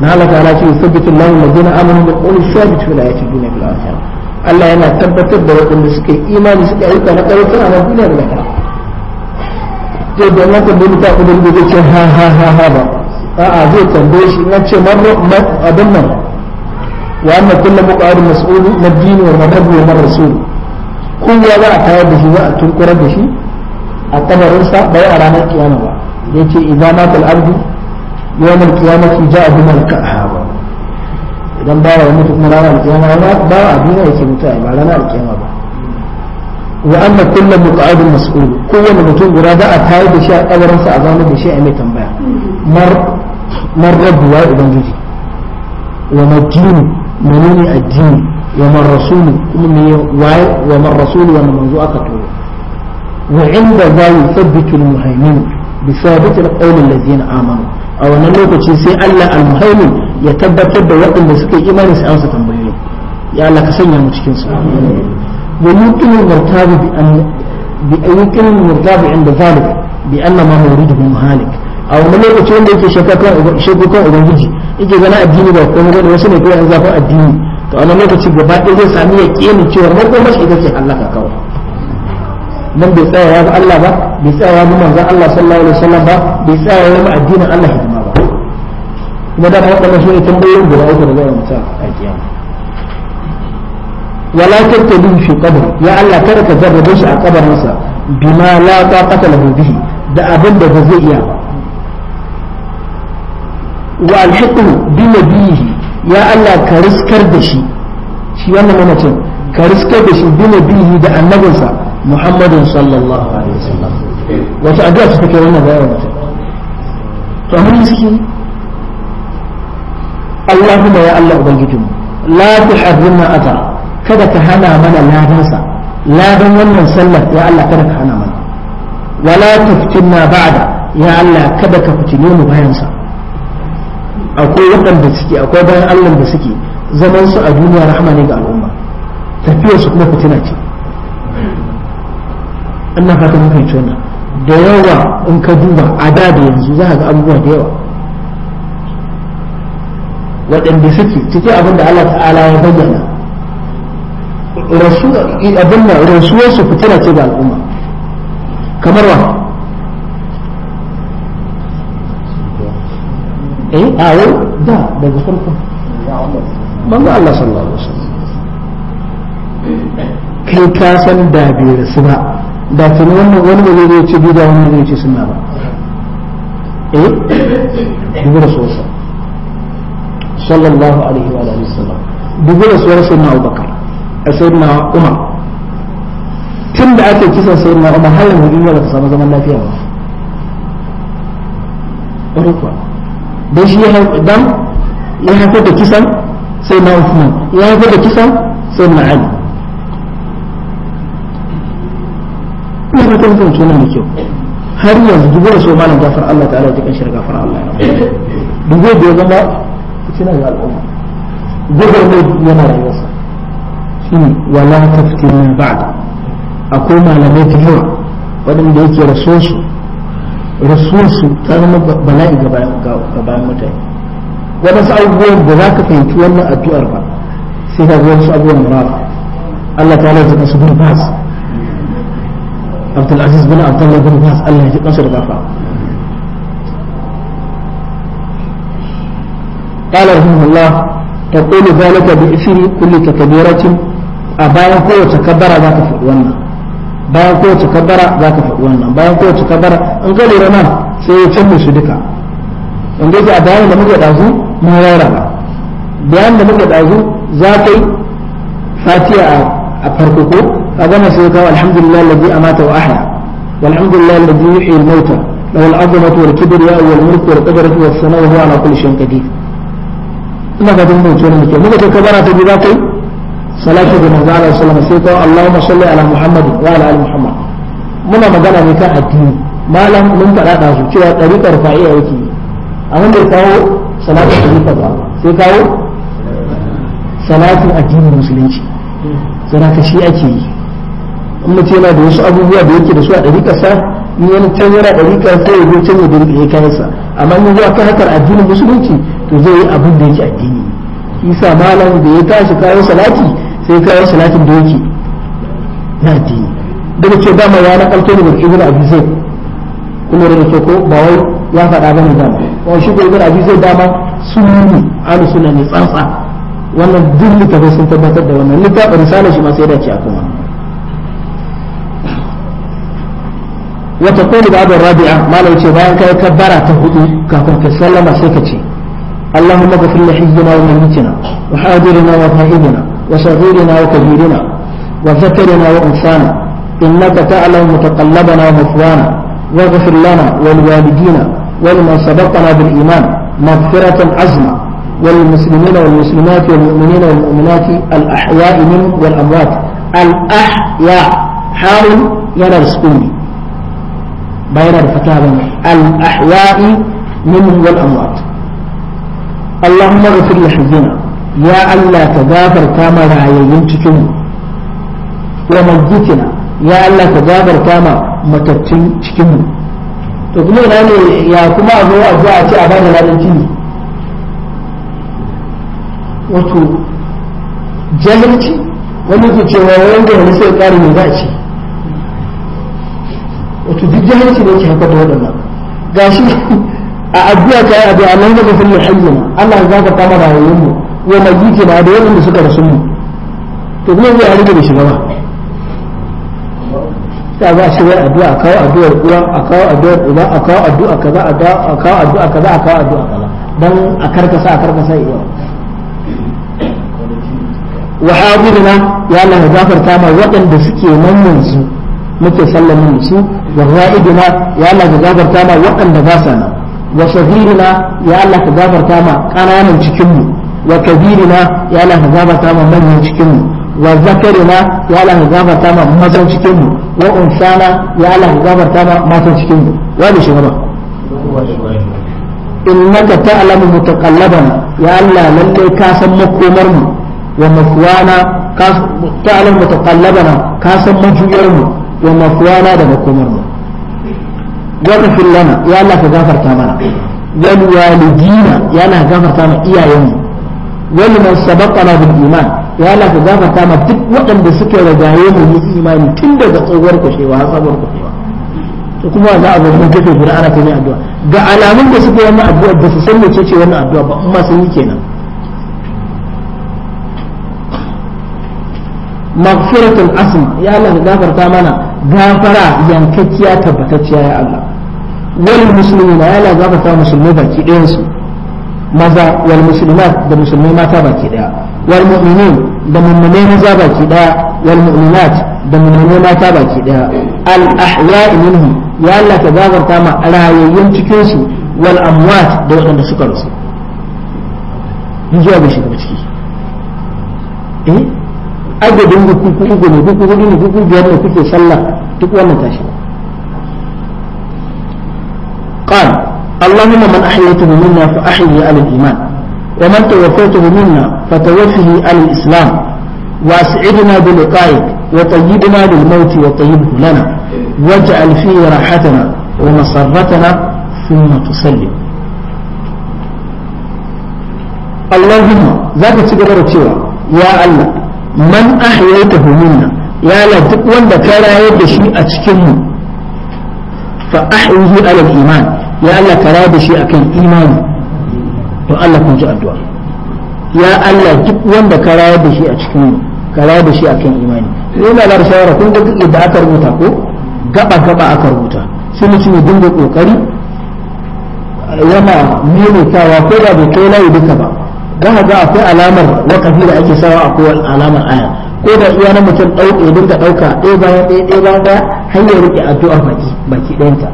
A: na Allah ta ce yusabbitu Allahu alladhina amanu bil qawli thabit fil hayati dunya bil akhirah Allah yana tabbatar da waɗanda suka yi imani suka aika na ƙarfi a duniya da lahira to da na tambayi ta kudin da zai ce ha ha ha ha ba a'a zai tambaye shi na ce mar abin nan wa anna kullu muqad za a tayar da shi za a tunkurar da shi a bai a ranar kiyama ba يأتي إذا مات العبد يوم القيامة جاء بما الكأهاب إذا بارا ومت مرارا القيامة بارا بينا يأتي متائم على نار القيامة وأما كل مقعد مسؤول كل من يكون برادة أتاي بشيء أورا سأظام بشيء أمي تنبيع مر مر الدواء إذن جدي وما الدين منون الدين وما الرسول وما الرسول وما منذ أكتوه وعند ذلك يثبت المهيمن بثابت القول الذين آمنوا أو أن لوكتي سي الله المهيمن يتبت بوقت سكي إيمان سأنسى تنبيه يا الله كسنيا مشكين ويمكن المرتاب بأن يمكن المرتاب عند ذلك بأن ما يريده مهالك a wani lokaci wanda yake shakukan ubangiji ake gana addini ba kuma gani wasu ne kawai an zafin addini to a wani lokaci gaba ɗaya zai sami ya ƙi cewa makomar shi ita allah halaka kawai nan bai tsaya ya bi Allah ba bai tsaya ya bi manzon Allah sallallahu alaihi wasallam bai tsaya ya bi addinin Allah hidima ba kuma da waɗannan su ne tambayoyin guda uku da zai mutum a kiyama wala tattabi fi qabr ya Allah shi a kabarinsa bima la taqata lahu bihi da abin da ba zai iya ba wa alhiqu bi nabihi ya Allah ka riskar da shi shi ka da shi da annabinsa Muhammadu sallallahu alaihi wasallam wata addu'a ta take wannan bayan mutum to amma miski Allahumma ya Allah ubangijinmu la tuharrimna ajra kada ka hana mana ladansa ladan wannan sallar ya Allah kada ka hana mana wala tuftinna ba'da ya Allah kada ka fitine mu bayan sa akwai waɗanda suke akwai bayan Allah da suke zamansu a duniya rahama ne ga al'umma tafiyar su kuma fitina na fata muka fahimci wannan da yawa in ka duba a da da yanzu za ka ga abubuwa da yawa waɗanda suke cike abin da Allah ta'ala ya bayyana abin da rasuwar su fitina ce ga al'umma kamar wa eh a yau da daga farko manzo Allah sallallahu alaihi wasallam kai ka san da bai rasu ba da ke wannan wani wani zai ce bida wani zai ce sunna ba eh dubu da sosa sallallahu alaihi wa alihi wasallam dubura da sosa sunna abubakar a sayyidina umar tun da ake kisan sayyidina umar har yanzu duniya ba ta samu zaman lafiya ba ɗaukwa da shi ya haifar da kisan sai na Uthman ya haifar da kisan sai na ina ba ta mutum suna mai kyau har yanzu dubu da so malam gafar Allah ta'ala ta kan shirga fara Allah dubu da ya zama fitina al'umma gubar da yana rayuwarsa shi wala taftina ba'd akwai malamai ta yawa waɗanda yake rasuwarsu rasuwarsu ta zama bala'i ga bayan mutane waɗansu abubuwan da za ka fahimci wannan addu'ar ba sai ka ga wasu abubuwan murafa Allah ta'ala zaka su bin basu Abdul aziz bin abdullah bin bas allah ya ji kansa da gafa قال رحمه الله تقول ذلك بإثر كل تكبيرة أبايا قوة تكبر ذاك في الوانا bayan kowace kabbara za ka faɗi wannan bayan kowace kabbara in ka lura nan sai ya canza shi duka in gaji a bayan da muke ɗazu mun rara ba bayan da muke ɗazu za ka fatiya a farko ko أغنى سيكا والحمد لله الذي أمات وأحيا والحمد لله الذي يحيي الموتى له العظمة والكبرياء والملك والقدرة والثناء وهو على كل شيء قدير ta magana ne kan addini malam mun fada da su cewa dariƙar shi ake yi in mace yana da wasu abubuwa da yake da su a ɗarikarsa in yana can yana ɗarikar sai ya zo can ya ɗariƙa ya kayansa amma in zuwa kan hakar addinin musulunci to zai yi abin da yake addini isa malam da ya tashi kayan salati sai kayan salatin da yake na addini daga ce dama ya na ƙarfi daga ibn abi kuma da ke ko ba wai ya faɗa ba ne dama ba shi ko ibn abi dama sunni alu sunna ne tsantsa wannan duk littafin sun tabbatar da wannan littafin risalar shi ma sai da ce a kuma وتقول بعد الرابعة ما لو تبان كي كبرة تهدو كفر تسلم سكتي اللهم اغفر لحينا وميتنا وحاضرنا وفائدنا وصغيرنا وكبيرنا وذكرنا وأنثانا إنك تعلم متقلبنا ومثوانا واغفر لنا ولوالدينا ولمن سبقنا بالإيمان مغفرة عزمة والمسلمين والمسلمات والمؤمنين والمؤمنات الأحياء منهم والأموات الأحياء حال ينرزقني bayana da fata bane al-ahya'i minhum wal amwat Allahumma ghfir lahzina ya Allah ka gafarta ma rayayyun cikin wa majjitina ya Allah ka gafarta ma matattun cikin mu to kuma ina ne ya kuma a zo a zo a ce a bada ladan tini wato jahilci wani ke cewa wanda wani sai ƙari ne za a ce wato duk jahilci ne ke haifar da waɗannan gashi a addu'a ta yi addu'a Allah ya gafin mu Allah ya zaka kama rayuwar mu wa majiki da waɗanda suka rasu mu to kuma zai harika da shiga ba
B: ta za a shirya addu'a a kawo addu'ar
A: uwa a kawo addu'ar uba a kawo addu'a kaza a kawo addu'a kaza a kawo addu'a kaza dan a karkasa a karkasa iya wa habirina ya Allah ya gafarta ma waɗanda suke nan yanzu muke sallamin da shi wa ra'idina ya Allah ka gafarta ma waɗanda ba sa nan wa sahirina ya Allah ka gafarta ma ƙananan cikin mu wa kabirina ya Allah ka gafarta ma manyan cikin mu wa zakarina ya Allah ka gafarta ma mazan cikin mu wa unsana ya Allah ka gafarta ma matan cikin mu wani shi gaba innaka ta'lamu mutaqallabana ya Allah lalle ka san makomar mu wa mafwana ka ta'lamu mutaqallabana ka san majuyar mu wa masuwana da makomar mu waghfir lana ya Allah ka gafarta mana wal walidina ya Allah ka gafarta mana iyayenmu wal man sabaqana bil iman ya Allah gafarta mana duk waɗanda suka rigaye mu yi imani tun daga tsohuwar kushewa har sabuwar kushewa to kuma za a zama kafe guda ana ta addu'a alamun da suka yi wannan addu'a su san mece wannan addu'a ba amma yi kenan maghfiratul asl ya Allah gafarta mana gafara yankakkiya tabbatacciya ya Allah wal muslimina ya Allah gafarta musulmai baki ɗayan su maza wal muslimat da musulmai mata baki ɗaya wal mu'minin da mu'minai maza baki ɗaya wal mu'minat da mu'minai mata baki ɗaya al ahya'i minhum ya Allah ka gafarta ma rayayyun cikin su wal amwat da waɗanda suka rasu in zuwa ga shiga ciki eh adadin da kuku uku ne kuku hudu ne kuku biyar ne kuke sallah duk wannan tashi qal allahumma man ahyaytahu minna fa ahyi ala al-iman wa man tawaffaytahu minna fa tawaffahi wa as'idna bi liqa'ik wa tayyibna lil maut wa tayyibhu lana waj'al ci gaba da cewa ya allah man ahyaitahu minna ya la duk wanda ka rayar da shi a cikin mu fa ahyihi ala iman ya Allah ka rayar da shi akan imani to Allah kun ji addu'a ya Allah duk wanda ka rayar da shi a cikin mu ka rayar da shi akan imani yana da shawara kun ga duk da aka rubuta ko gaba gaba aka rubuta sai mutum ne dinga kokari yana maimaitawa ko da bai kai layi duka ba za ga akwai alamar wakafi da ake sawa a akwai alamar aya ko da iya na mutum ɗauke dinka ɗauka ɗaya bayan ɗaya ɗaya bayan ɗaya har ya rike addu'ar baki baki ɗayanta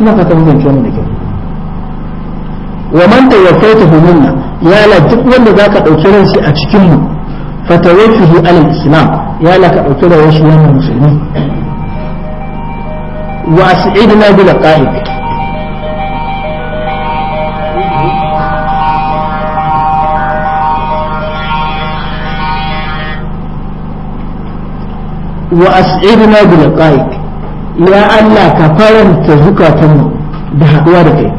A: ina fata mun fahimci da kyau wa man tawaffaytahu minna ya la duk wanda zaka ɗauki ran shi a cikin mu fatawaffihi alal islam ya la ka dauke da wasu wannan musulmi wa as'idna bil qa'id wa as'irna bil qaik ya allah ka faranta zukatan mu da haduwa da kai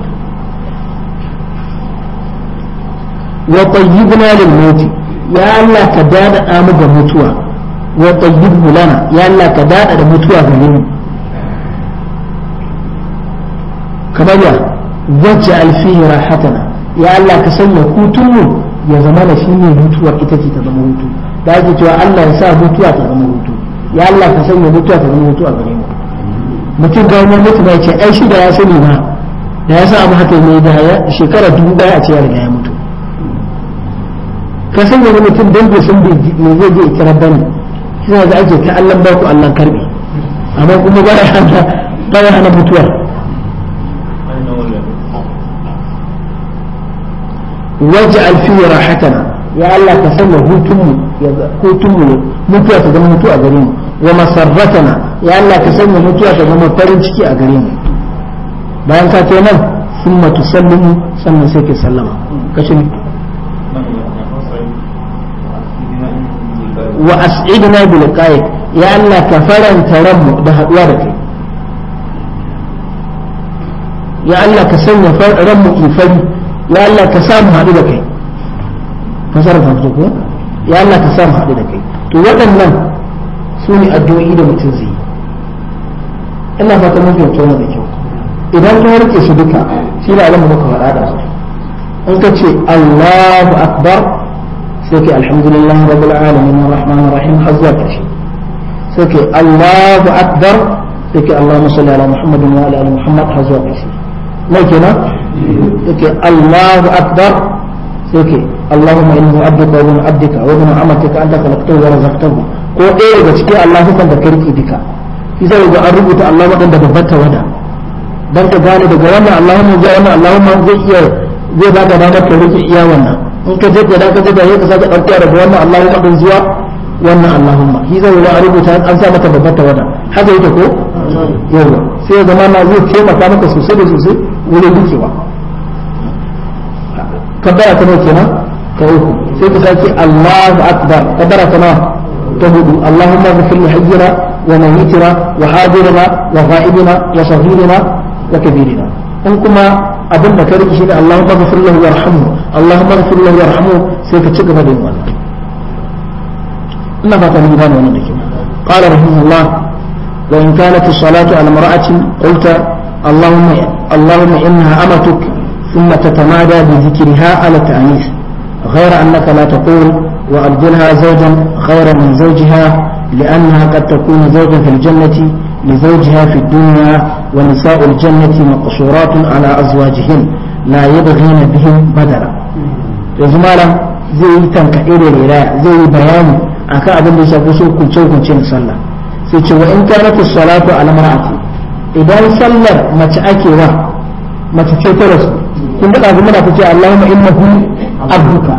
A: wa tayyibna lil ya allah ka dada amu ga mutuwa wa tayyib lana ya allah ka dada da mutuwa ga mu kamar ya wajja al fihi ya allah ka sanya hutun ya zama shine mutuwa ita ce ta zama hutu da ake allah ya sa mutuwa ta zama ya Allah ka sanya mutuwa ta zama mutuwa gare mu mutum ga wani mutu bai ce ai shi da ya sani ba da ya sa abu haka ne da ya shekara dubu daya a ce ya riga ya mutu ka sanya wani mutum don bai san me zai je kira bane yana da ake ta Allah ba ku Allah karbe amma kuma ba ya hana ba ya hana mutuwa waj'al fi rahatana ya Allah ka sanya hutunmu ya hutunmu mutuwa ta zama mutuwa gare mu wa masarratana ya Allah ka sanya mutuwa ta zama farin ciki a gare mu bayan ka ce nan summa tusallimu sannan sai ke sallama kace wa as'idna bil qaid ya Allah ka faranta ranmu da haduwa da kai ya Allah ka sanya ranmu mu fari ya Allah ka samu haɗu da kai ka sarrafa ko ya Allah ka samu haɗu da kai to waɗannan su ne addu'o'i da mutum zai yi ina fata mun fahimta wannan da kyau idan ka rike su duka shi da alamu muka faɗa da su in ka ce Allahu akbar sai ke alhamdulillah rabbil alamin arrahmanir rahim har zuwa kashi sai ke Allahu akbar sai ke Allahumma salli ala muhammadin wa ala ali muhammad har zuwa kashi mai kenan sai ke Allahu akbar sai ke اللهم إنه عبدك وابن عبدك وابن عمتك أنت خلقته ورزقته ko ɗaya daga cikin Allah hukan da karki duka isa ga an rubuta Allah waɗanda babbar wada. dan ka gane daga wannan Allahumma zai wannan Allahumma zai iya zai ba baka damar ka rike iya wannan in ka je da ka je da ka saka ɗauki daga wannan Allahumma din zuwa wannan Allahumma isa ga an rubuta an sa maka babbar wada. haka yake ko yawa sai zama na zai taimaka maka sosai da sosai wurin dukewa kabbara ta ne kenan ta uku sai ku sake Allahu akbar kabbara ta nawa ta hudu Allahumma ghfir li hayyina wa mayitina wa hadirina wa ghaibina wa saghirina wa kabirina in kuma abin da ka rike shi ne Allahumma ghfir lahu warhamhu Allahumma ghfir lahu warhamhu sai ka ci gaba da yin wannan ina fata mun gane wannan dake qala rahimahullah wa in kanat as-salatu ala mar'atin qulta Allahumma Allahumma innaha amatuk ثم تتمادى بذكرها على التأنيث غير أنك لا تقول وأبدلها زوجا خيرا من زوجها لأنها قد تكون زوجا في الجنة لزوجها في الدنيا ونساء الجنة مقصورات على أزواجهن لا يبغين بهم بدلا يزمالا زي تنكئر الإله زي بيان أكا أبن لشفوسو كل شو كل شيء صلى سيتش وإن كانت الصلاة على امرأة إذا صلى ما تأكي ما تتكرسوا kun ga ɗazu muna kuce Allahumma innahu abduka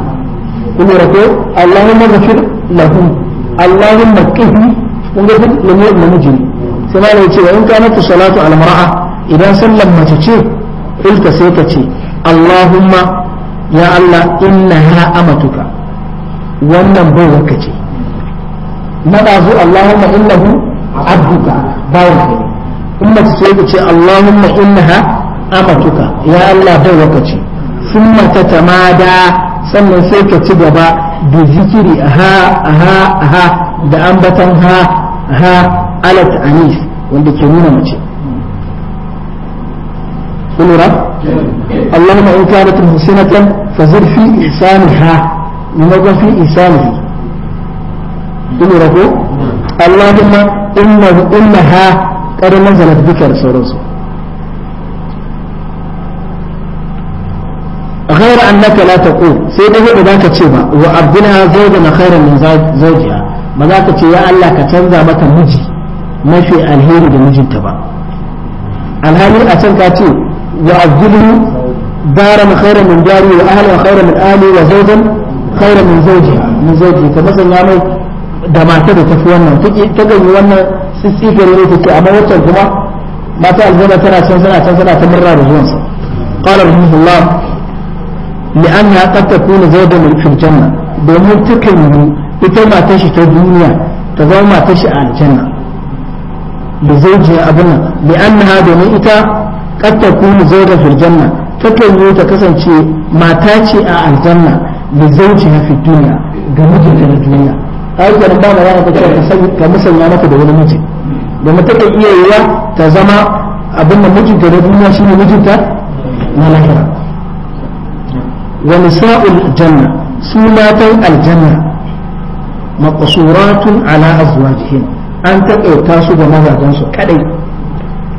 A: kun ga ko Allahumma ghafir lahu Allahumma qihi kun ga duk lamiyar namiji sai ma ne ce in kana tu salatu al mar'a idan sallan mace ce kulka sai ka ce Allahumma ya Allah ha amatuka wannan baiwarka ce na ɗazu Allahumma innahu abduka bawanka ne in mace ce ka ce Allahumma innaha amatuka ya Allah bai wakaci summa ta tamada sannan sai ka ci gaba da zikiri aha aha aha da ambatan ha ha alat anis wanda ke nuna mace kulura اللهم إن كانت محسنة فزد في إحسانها لنظر في إحسانه kulura ko اللهم إنه إنها ha نزلت بك رسول sauransu. غير أنك لا تقول سيدنا إذا كتبا وأبدلها زوجا خيرا من زوجها ماذا كتب يا الله كتنزى متى مجي ما في الهير بمجي تبا الهالي أتن كاتي وأبدله دارا خيرا من داري وأهلا خيرا من أهلي وزوجا خيرا من زوجها من زوجي كمثلا يعني da mata da tafi wannan ta ganyi wannan sissifiyar ne take amma wancan kuma mata aljanna tana can sana can sana ta murna da zuwansa qala rahimahullah li'anna qad takunu zawjatan fil janna domin tukan yi ita matar shi ta duniya ta zama matar shi a aljanna da zaujiya abin li'anna domin ita qad takunu zawjatan fil janna takan yi ta kasance mata ce a aljanna da zaujiya fi duniya ga mijinta na duniya ayyukan ba ma za ka ka musanya maka da wani miji domin takan iya yiwa ta zama mijinta na duniya shine mijinta na lahira ونساء الجنة سولات الجنة مقصورات على أزواجهن أنت تقيتاسوا بماذا جنسوا كلي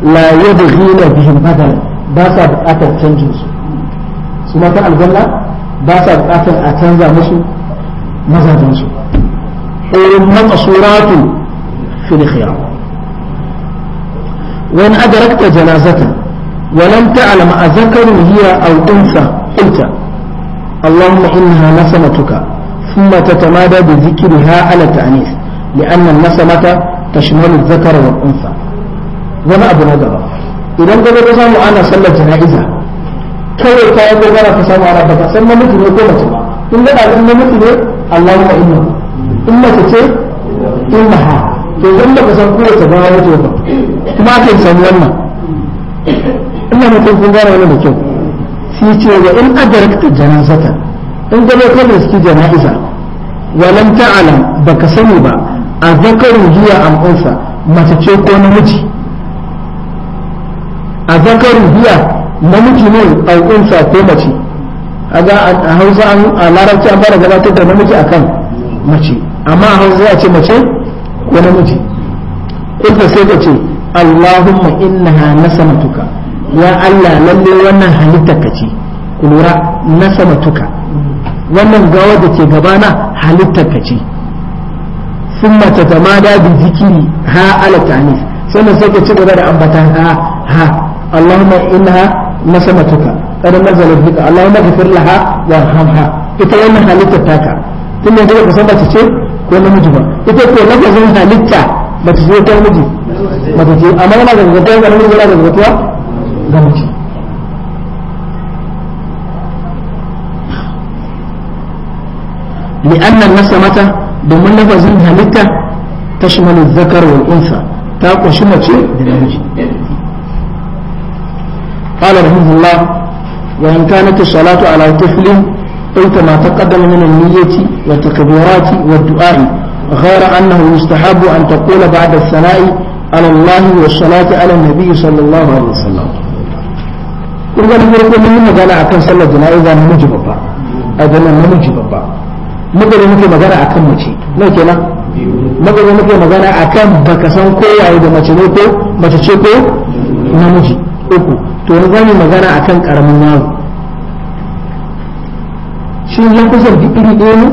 A: لا يبغين بهم مثلا باسا بقاتا تنجنسوا سمات الجنة باسا بقاتا أتنزى مسو ماذا جنسوا حور مقصورات في الخيار وإن أدركت جنازة ولم تعلم أذكر هي أو أنثى قلت اللهم إنها نسمتك ثم تتمادى بذكرها على التأنيث لأن النسمة تشمل الذكر والأنثى وما أبو نجبة إذا أنت بتسامو أنا صلى جنائزة كيف كان بغير تسامو أنا بك سمى مثل يقول إن قال إن مثل اللهم إنه إما تتي إنها تظن بسم قوة تبارك وتعالى ما تنسى wannan ina mutum kun gane wani da kyau sai ce wa in adarakta janazata in gaba ka riski jana'iza walam ta'ala baka sani ba a zakaru zuwa unsa mace ce ko namiji a zakaru biya namiji ne unsa ko mace aga a hausa an a larabci an fara gabatar da namiji akan mace amma a hausa ya ce mace ko namiji kulta sai ka ce allahumma innaha nasamatuka ya Allah lalle wannan halitta ka ce na sama wannan gawa da ke gabana halitta ka ce sun mace ta ma da bi zikiri ha ala ta'anif sannan sai ka ci gaba da ambata ha ha Allahumma innaha na sama kada nazala bika Allahumma ghfir laha warhamha ita wannan halitta taka ka san ta ce ko namiji ba ita ko lafazin halitta ta ce ta namiji ba ta ce زوج لأن النساء متى ضمن لفظ هلكة تشمل الذكر والأنثى تاقوا شما قال رحمه الله وإن كانت الصلاة على طفل أو ما تقدم من النية والتكبيرات والدعاء غير أنه يستحب أن تقول بعد الثناء على الله والصلاة على النبي صلى الله عليه وسلم kun ga mun farko mun magana akan sallar jana'iza namiji babba a ganin namiji babba muka ne muke magana akan mace nawa kenan muka ne muke magana akan baka san ko yayi da mace ne ko mace ce ko namiji uku to mun zamu magana akan karamin yaro shi ya kusan duk iri ɗaya ne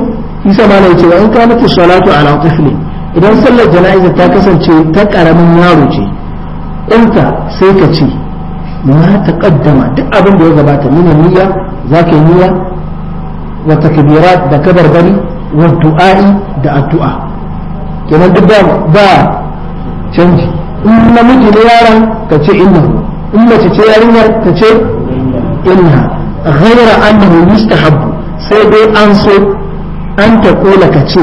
A: isa ma na yace wa in kanatu salatu ala tifli idan sallar jana'iza ta kasance ta karamin yaro ce ka sai ka ce ta taqaddama duk abin da ya gabata min niyya zaka yi niyya wa takbirat da kabarbari wa du'a'i da addu'a kenan duk ba canji in namiji ne yaran ka ce inna in mace ce yarinyar ka ce inna ghayra annahu yustahabbu sai dai an so an ta kola ka ce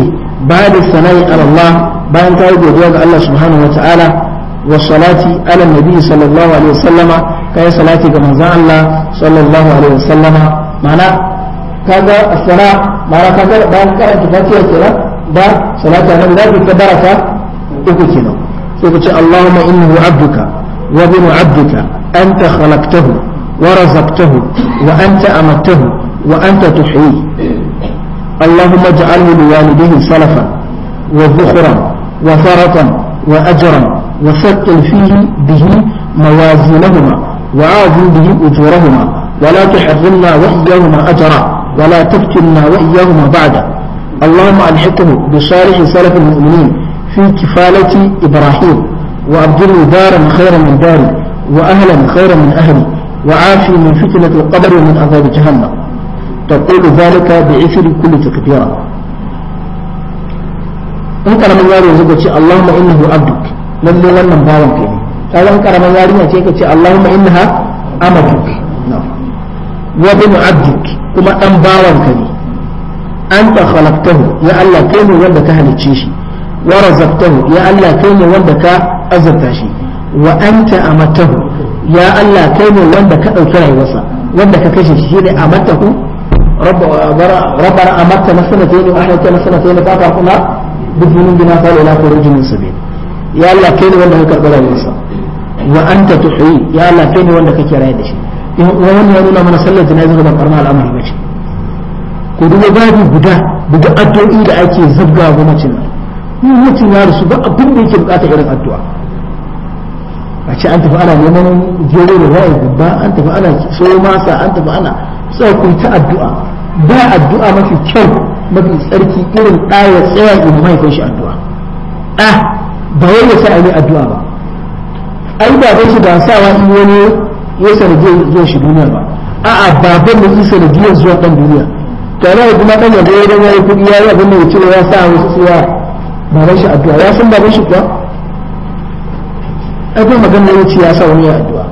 A: ba da sana'i Allah bayan ta yi godiya ga Allah subhanahu wa ta'ala والصلاة على النبي صلى الله عليه وسلم كاي صلاة كما زعل الله صلى الله عليه وسلم معنى كذا الصلاة معنى كذا بان كانت فاتحة كذا با صلاة على النبي كبرك تكتنا تقول اللهم إنه عبدك وابن عبدك أنت خلقته ورزقته وأنت أمته وأنت تحييه اللهم اجعله لوالديه سلفا وذخرا وفرطا وأجرا وثقل فيه به موازينهما وعاذوا به أجورهما ولا تحرمنا وإياهما أجرا ولا تفتنا وإياهما بعدا اللهم ألحقه بصالح سلف المؤمنين في كفالة إبراهيم وأبدله دارا خيرا من داري وأهلا خيرا من أهلي وعافي من فتنة القبر ومن عذاب جهنم تقول ذلك بعثر كل تكبيرة انت لما يقول اللهم إنه عبدك lalle wannan bawan ka ne kaga karaman yarinya ce kace Allahumma innaha amaduk wa bin abdik kuma dan bawan ka ne anta khalaqtahu ya Allah kai ne wanda ka halicce shi wa razaqtahu ya Allah kai ne wanda ka azabta shi wa anta amatahu ya Allah kai ne wanda ka dauki rayuwarsa wanda ka kashe shi ne amatahu ربنا أمرتنا سنتين وأحييتنا سنتين فأعطاكما بذنوبنا قال لا تخرج من سبيل ya Allah kai ne wanda ka karɓi rayuwarsa wa anta tuhyi ya Allah kai ne wanda kake da shi wannan ya nuna mana sallar jana'iza ba karma al'amari ba ce ko duba babu guda guda addu'o'i da ake zabga ga mutum
B: nan mutum ya rasu
A: ba abin da yake bukata irin addu'a a ce an tafi ana neman gero da ra'ayi babba an tafi ana masa an tafi ana sai ta addu'a ba addu'a mafi kyau mafi tsarki irin ɗaya tsaya in mai kai shi addu'a ah ba wai ya sa a yi addu'a ba ai baban shi ba sa wani wani ya sanadiyar zuwa shi duniya ba a'a baban da isa da jiyar zuwa kan duniya to ana kuma kan yabo idan yayi kudi yayi abin da yake ya sa wasu suwa baban shi addu'a ya san baban shi kuwa ai ba magana ya ce ya sa wani ya addu'a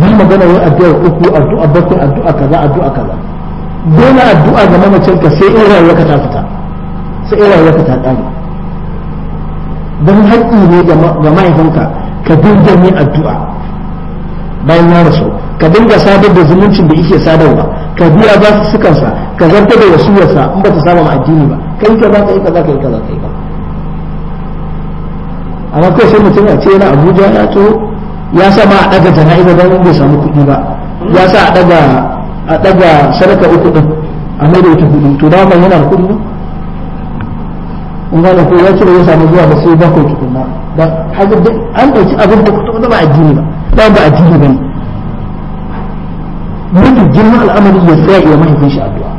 A: ba magana ya addu'a uku addu'a bakwai addu'a kaza addu'a kaza dole addu'a ga mamacin ka sai irin rayuwa ka ta fita sai irin rayuwa ka ta kare don haƙƙi ne ga mahaifinka ka dinga yin addu'a bayan ya rasu ka dinga sadar da zumuncin da yake sadarwa ka biya za su sa ka zarta da wasiyarsa in ba ta saba ma addini ba kai ka za ka yi kaza ka za kaza ka yi ba. amma kawai sai mutum a ce yana abuja ya to ya sa ma a ɗaga jana'iza don bai samu kuɗi ba ya sa a ɗaga a daga sadaka uku din a mai da wata kuɗi to da dama yana da kuɗi ne in ga ko ya cire ya samu zuwa da sai bakwai tukunna da haka duk an dauki abin da kuma ba addini ba ba ba addini ba ne mutu girma al'amari ya tsaya iya mahaifin shi addu'a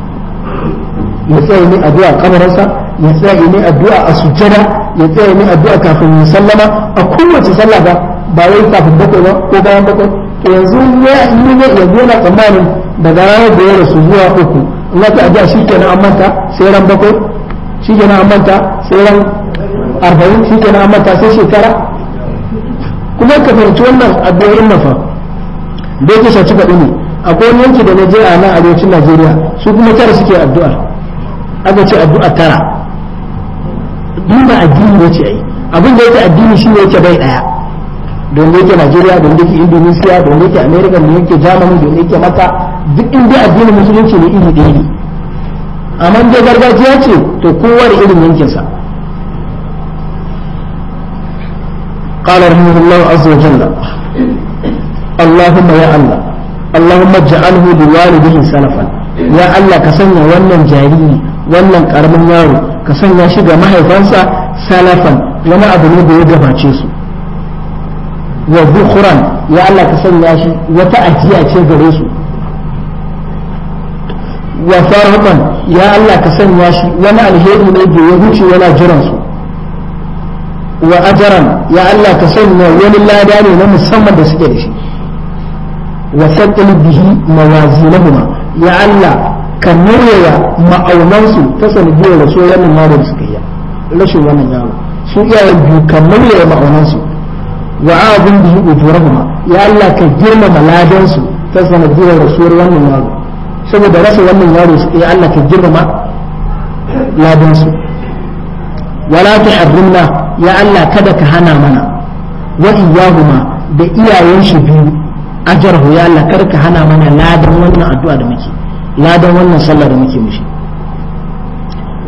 A: ya tsaya ne addu'a kabarinsa ya tsaya ne addu'a a sujjada ya tsaya ne addu'a kafin ya sallama a kowace sallah ba ba wai kafin bakwai ba ko bayan bakwai to yanzu ya yi ne yanzu yana tsammanin daga ranar da ya rasu zuwa uku in ka addu'a shi kenan an manta sai ran bakwai shi ke na manta tseren arba'in shi ke na manta sai shekara kuma ka fahimci wannan addu'o'in nafa da yake shaci faɗi ne akwai wani yanki da na je a nan arewacin najeriya su kuma tara suke addu'ar aka ce addu'a tara duna addini ne ce ai abin da yake addini shi ne yake bai ɗaya don yake najeriya don yake indonesia don yake america don yake germany don yake mata duk inda addinin musulunci ne iri ɗaya ne amma dai gargajiya ce to kowa da irin yankinsa قال رحمه الله عز وجل اللهم يا الله اللهم اجعله لوالده سلفا يا الله كسنيا wannan jariri wannan karamin yaro ka sanya shi ga mahaifansa salafan wani abu ne da ya gabace su wa dhukhran ya Allah ka sanya shi wata ajiya ce gare su wa farqan ya Allah ka sanya shi wani alheri ne da ya wuce yana jiran su wa ajran ya Allah ka sanya wani lada ne na musamman da suke da shi wa saqqil bihi mawazinahuma ya Allah ka murya ma'aunansu ta sanadiyar da so yanin ma da suka yi rashin wannan yaro su iyayen biyu ka murya ma'aunansu wa abun bihi ujurahuma ya Allah ka girmama ladansu ta sanadiyar da so wannan yaro saboda rasa wannan yaro ya Allah ka girmama labin su wala tuharrimna ya Allah kada ka hana mana wa iyyahuma da iyayen shi biyu ajarhu ya Allah kada ka hana mana ladan wannan addu'a da muke ladan wannan sallah da muke mishi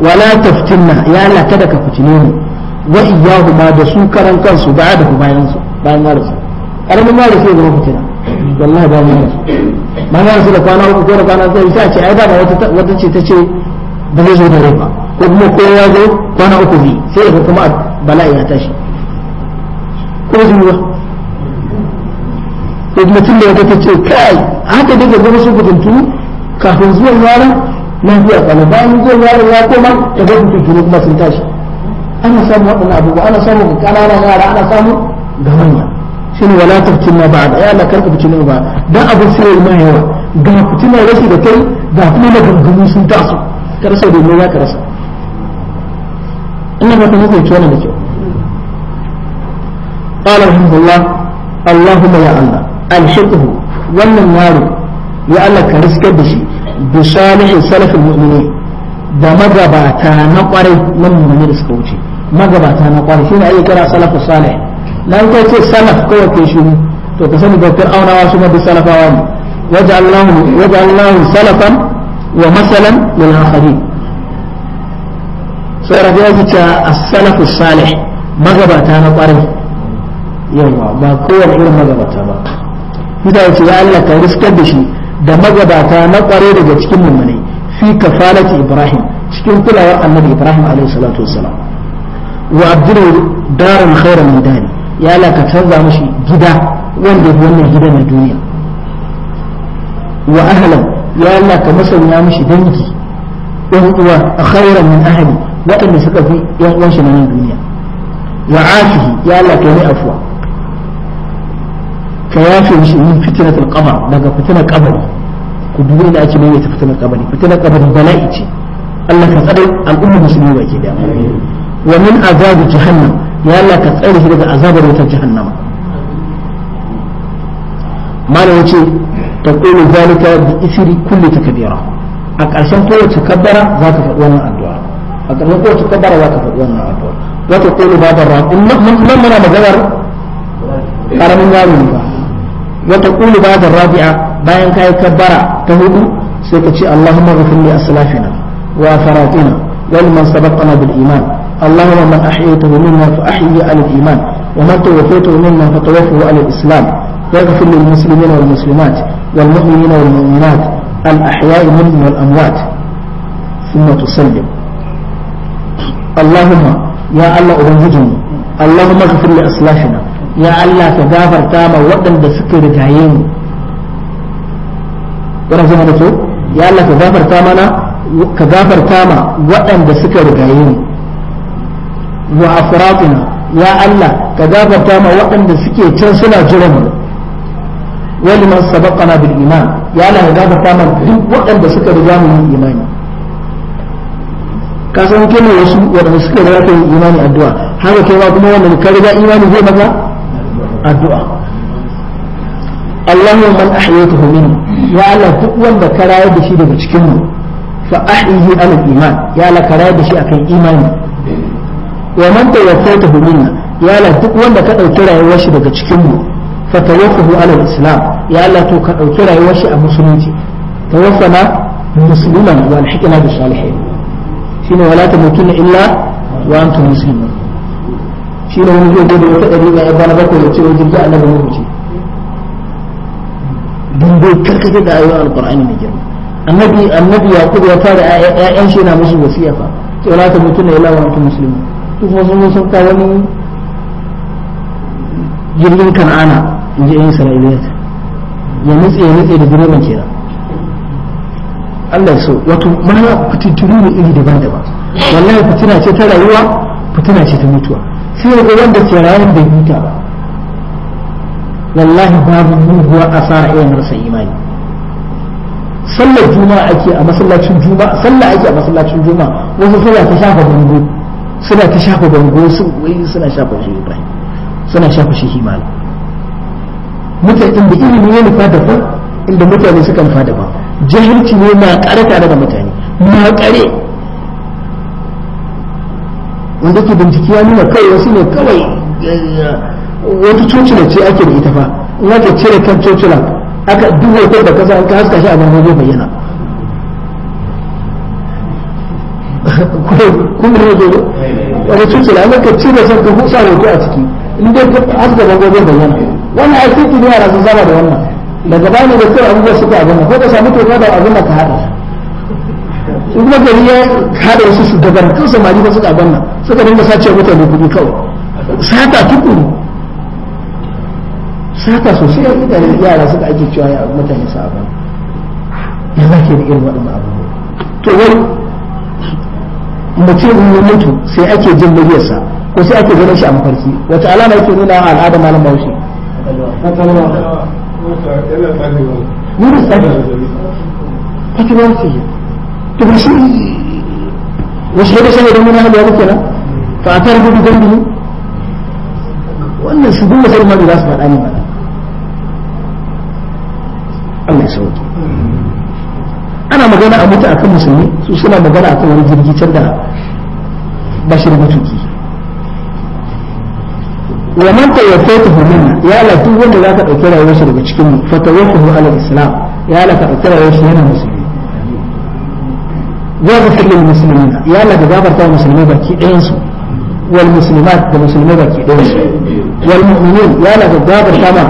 A: wala taftinna ya Allah kada ka fitine mu wa iyyahuma da su karan kansu da da bayan su bayan marasu karamin marasu ya zama fitina wallahi ba mu ba na su da kwana uku ko da kwana sai sai ce ai da wata wata ce tace ba zai zo da rai ba ko kuma ko ya zo kwana uku ne sai ka kuma bala'i ya tashi ko zuwa ko mutum da wata tace kai haka dai ga wasu guduntu kafin zuwan na lafiya kana bayan zuwan yaron ya koma ya ga guduntu kuma sun tashi ana samun waɗannan abubuwa ana samun ƙananan yara ana samun ga manya shine wala taftinna ba'd ya Allah karka fitina ba dan abin sai ma yawa ga fitina rashi da kai ga kuma maganganun sun taso ka rasa domin za ka rasa ina ba ta mafi kyau da kyau قال رحمه الله اللهم يا الله ألحقه ولا النار يا الله كرزك بشي بصالح سلف المؤمنين da magabata na kwarai nan mu ne da suka wuce magabata na kwarai shine ayyukan salafu salih لو كان شيء سلف كوا كيشوه تو كسمي دكتور أو نواسو ما بسلف أوان وجعل الله وجعل الله سلفا ومثلا للآخرين سورة جازك السلف الصالح ما جبت أنا قريب يلا ما كوا غير ما جبت أنا إذا أنت قال لك رزق بشي da magabata na kware daga cikin mummunai fi kafalati ibrahim cikin kulawar annabi ibrahim alaihi salatu wassalam wa abdul darun khairan mudani ya laka canza mashi gida wanda ya fi wannan gida na duniya wa ahlan ya laka masanya mashi dangi ɗan uwa a khairan min ahli waɗanda suka fi yan uwan shi na nan duniya wa afihi ya laka ne afuwa ka yafe mishi min fitnatul qabr daga fitina qabari ku dubi da ake maimaita fitnar qabari fitnar qabari bala'i ce Allah ka tsare al'ummar musulmi ke daya wa min azab jahannam ya Allah ka tsare shi daga azabar wutar jahannama malam yace taqulu zalika bi isri kulli takbira a ƙarshen kowace kabbara za ka faɗi wannan addu'a a ƙarshen kowace kabbara za ka faɗi wannan addu'a za ta ƙulu ba da nan muna maganar ƙaramin yaro ne ba za ta ƙulu ba rabi'a bayan ka yi kabbara ta hudu sai ka ce allahumma ghafir li aslafina wa faratina wal man sabaqana bil iman اللهم من أحييته منا فأحيي على الإيمان ومن توفيته منا فتوفه على الإسلام واغفر للمسلمين والمسلمات والمؤمنين والمؤمنات الأحياء منهم والأموات ثم تسلم اللهم يا الله أبنجدني اللهم اغفر لأصلاحنا يا الله تدافر تاما وطن بسكر جايين ورحمة الله يا الله تغافر تاما تاما وطن بسكر جايين وأفراطنا يا الله كذاب تام وأن سكي تنسنا جرم ولمن سبقنا بالإيمان يا الله كذاب تام وأن سكي رجام الإيمان kasan kene wasu wadanda suka da zaka yi imani addu'a haka kai ba kuma wanda ka riga imani zai maka addu'a Allahu man ahyaytuhu minni ya Allah duk wanda ka rayar da shi daga cikin mu fa ahyihi ala iman ya Allah ka rayar da shi akan imani wa man tawaffaytahu minna ya Allah duk wanda ka dauki rayuwar shi daga cikin mu fa tawaffahu ala islam ya Allah to ka dauki rayuwar shi a musulunci tawaffana musliman wa alhiqna bis salihin shine wala tamutunna illa wa antum muslimun shine wani zai gode wata dariƙa ya bana bakwai ya ce wajen da annabi ne ce dan dai karkace da ayoyin alqur'ani ne girma annabi annabi yaqub ya fara ayyan shi na musu wasiya fa to la tamutunna illa wa antum muslimun su kuma sun sun kawo wani jirgin kan'ana in ji yan isra'iliya ya nutse ya nutse da direban kenan Allah so wato mana fitintunu ne iri daban-daban wallahi fitina ce ta rayuwa fitina ce ta mutuwa sai ga wanda ke rayuwar bai huta ba wallahi babu muguwa asara iya rasa imani sallar juma'a ake a masallacin juma'a sallah ake a masallacin juma'a wasu sallah ta shafa bango suna ta shafa bango su wai suna shafa shi ba suna shafa shi malam mutane inda ilimi ne nufa ba inda mutane suka nufa ba jahilci ne na kare tare da mutane na kare wanda ke bincike ya nuna kai wasu ne kawai
B: wata cocina ce ake da ita fa in cire kan cocina
A: aka duk wata da kasa an ka haska shi a bango bayyana kun ne zo wani cikin da ka ci da son ka da hoto a ciki in dai ka haska bango zai bayyana wannan ai sai kiriya na sun zama da wannan daga bani da kai abubuwa suka abin nan ko ka samu toka da abin da ka haɗa su kuma gari ya haɗa wasu shugaban kan samari ba suka abin nan suka dinga sace mutane kuɗi kawai sata tukuru sata sosai ya da yara suka ake cewa ya mutane sa abin ya zake da irin waɗannan abubuwa to wai mutum in mutu sai ake jin muryarsa ko sai ake ganin shi a mafarki wata alama yake nuna a al'ada malam bahaushe wasu wannan su duk wasu da za su faɗa ne ba Allah ya sauke ana magana a mutu akan musulmi su suna magana akan wani jirgi can da ba shi da matuki wa man ta minna ya la duk wanda zaka dauke rayuwar shi daga cikin mu fa tawaffahu ala islam ya la ka dauke rayuwar shi yana musulmi wa ghafir fili muslimina ya la ka gafarta musulmai baki ɗayansu wal muslimat da musulmai baki ɗayan wal mu'minin ya la ka gafarta ma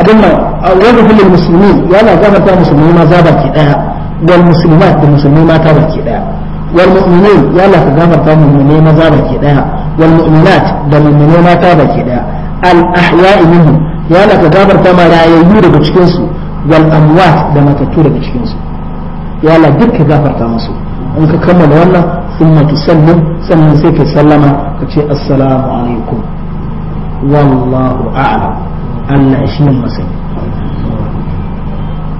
A: abin ma wa ghafir lil muslimin ya la gafarta musulmai ma za baki ɗaya wal muslimat da musulmai mata baki daya wal ya Allah ka mu'minai maza baki daya da mu'minai mata baki daya al ahya'i minhum ya Allah ka ma rayayyu daga cikin su wal da matattu daga cikin su ya Allah duk ka in ka kammala wannan thumma tusallim sannan sai ka ka ce alaikum wallahu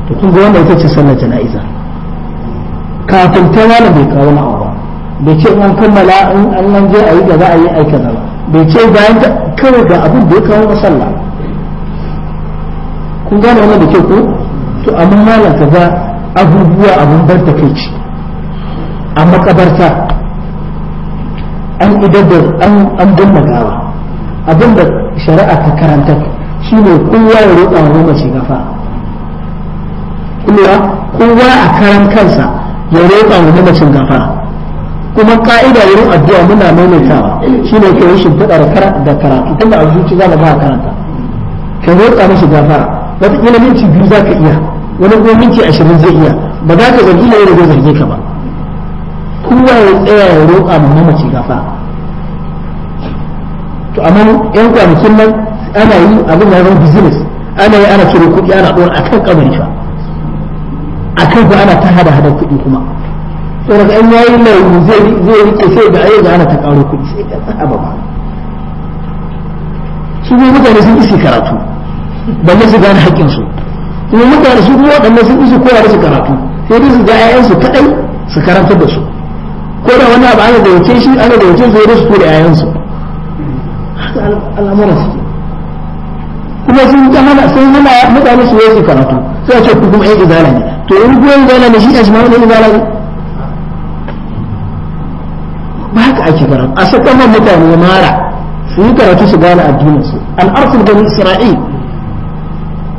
A: to ga wanda ita ce sallar jana'iza kafin ta wala bai kawo na abu bai ce in kammala in an nan je a yi gaba a yi aika ba bai ce bayan ta kawai ga abin da ya kawo na sallah kun gane wannan da ke ko to amma malam ka ga abubuwa abin bar ta kai ci a makabarta an idar da an gama gawa abin da shari'a ta karanta shi ne kowa ya roƙa wa mace gafa kowa a karan kansa ya roƙa wa mamacin gafara kuma ka'ida wurin addu'a muna maimaitawa shine ke rushin shimfiɗa da karatu tun da zuci za ba karanta ka roƙa mashi gafara wataƙila minti biyu za ka iya wani kuma minti ashirin zai iya ba za ka zargi ne da zai ka ba kowa ya tsaya ya roƙa ma mamaci gafara to amma yan kwanakin nan ana yi abin da zama business ana yi ana cire kuɗi ana ɗora akan kamar fa a kan ku ana ta hada hada kuɗi kuma to daga in yayi launi zai zai rike sai da ayyuka ana ta ƙaro kuɗi sai ka tsaba ba su ne mutane sun isi karatu balle su gane haƙƙin su kuma mutane su kuma waɗanne sun isi kowa da su karatu sai dai su ga ƴaƴansu kaɗai su karantar da su ko da wani abu ana da yace shi ana da yace sai dai su tura ƴaƴansu haka al'amuran suke kuma sun hana sun hana mutane su yi su karatu sai ce ku kuma yan izala ne to in ku yan izala ne shi ya jima'u ne izala ne ba haka ake karatu a sakamar mutane mara su yi karatu su gane addininsu al'arsul bani isra'il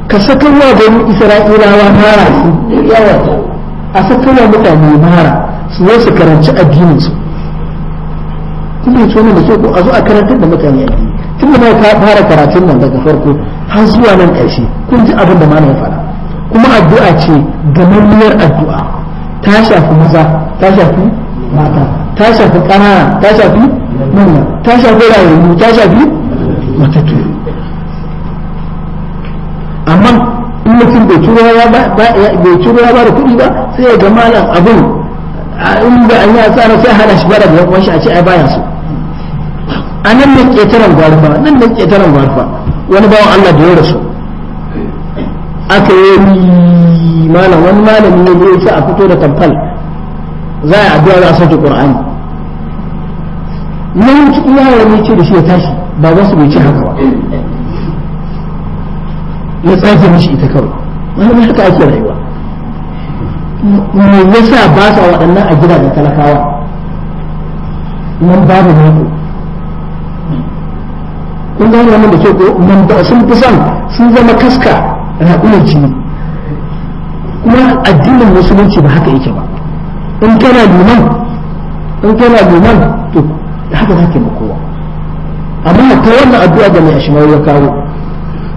A: ka sakarwa bani isra'ilawa mara su yawata a sakarwa mutane mara su zo su karanci addininsu kuma ya tona da ke ko a zo a karantar da mutane addini tun da ka fara karatun nan daga farko har zuwa nan ƙarshe kun ji abin da malam ya faɗa kuma addu'a ce gamammiyar addu'a ta shafi maza ta shafi mata ta shafi ƙanana ta shafi manya ta shafi rayuwa ta shafi matattu amma in mutum bai turo ya ba da kuɗi ba sai ya ga malam abin in ba an yi asara sai hana shi bara da yan shi a ce ai baya so a nan ne ƙetaren gwarfa nan ne ƙetaren gwarfa wani bawan Allah da ya rasu aka yi malam wani malami ne zai ce a fito da tamfal za a addu'a za a sauke qur'ani nan cikin yawon ne ce da shi ya tashi ba baban su bai ci haka ba ya tsaje mishi ita kawai malamin haka ake rayuwa me yasa ba sa waɗannan a gidajen talakawa nan babu ne kun gane wannan da ke ko sun fi son sun zama kaska raƙumar jini kuma addinin musulunci ba haka yake ba in kana liman in kana liman to haka za ka yi kowa amma ta wannan addu'a da mai ashimar ya kawo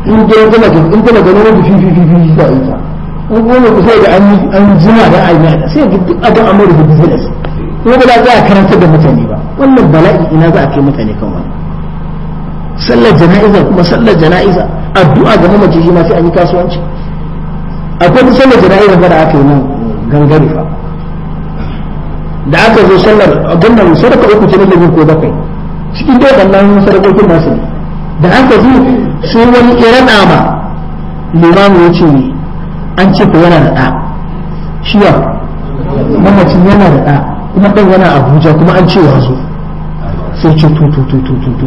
A: in dai kana ga in kana ganin wani fifi fi fi fi yi ta in kuma ku sai da an an jima da ai mai sai ga duk abin amuru da business kuma ba za a karanta da mutane ba wannan bala'i ina za a kai mutane kan wannan sallar jana'iza kuma sallar jana'iza addu'a ga mamaci shi ma sai an yi kasuwanci akwai ta sallar jana'iza ba da aka yi nan gangare fa da aka zo sallar abin nan sadaka uku ce na da ko bakwai cikin dai wannan sadakokin nasu ne da aka zo sai wani irin ama limamu ya ce an ce ko yana da ɗa shi ya mamacin yana da ɗa kuma ɗan yana abuja kuma an ce ya zo sai ce tututututututu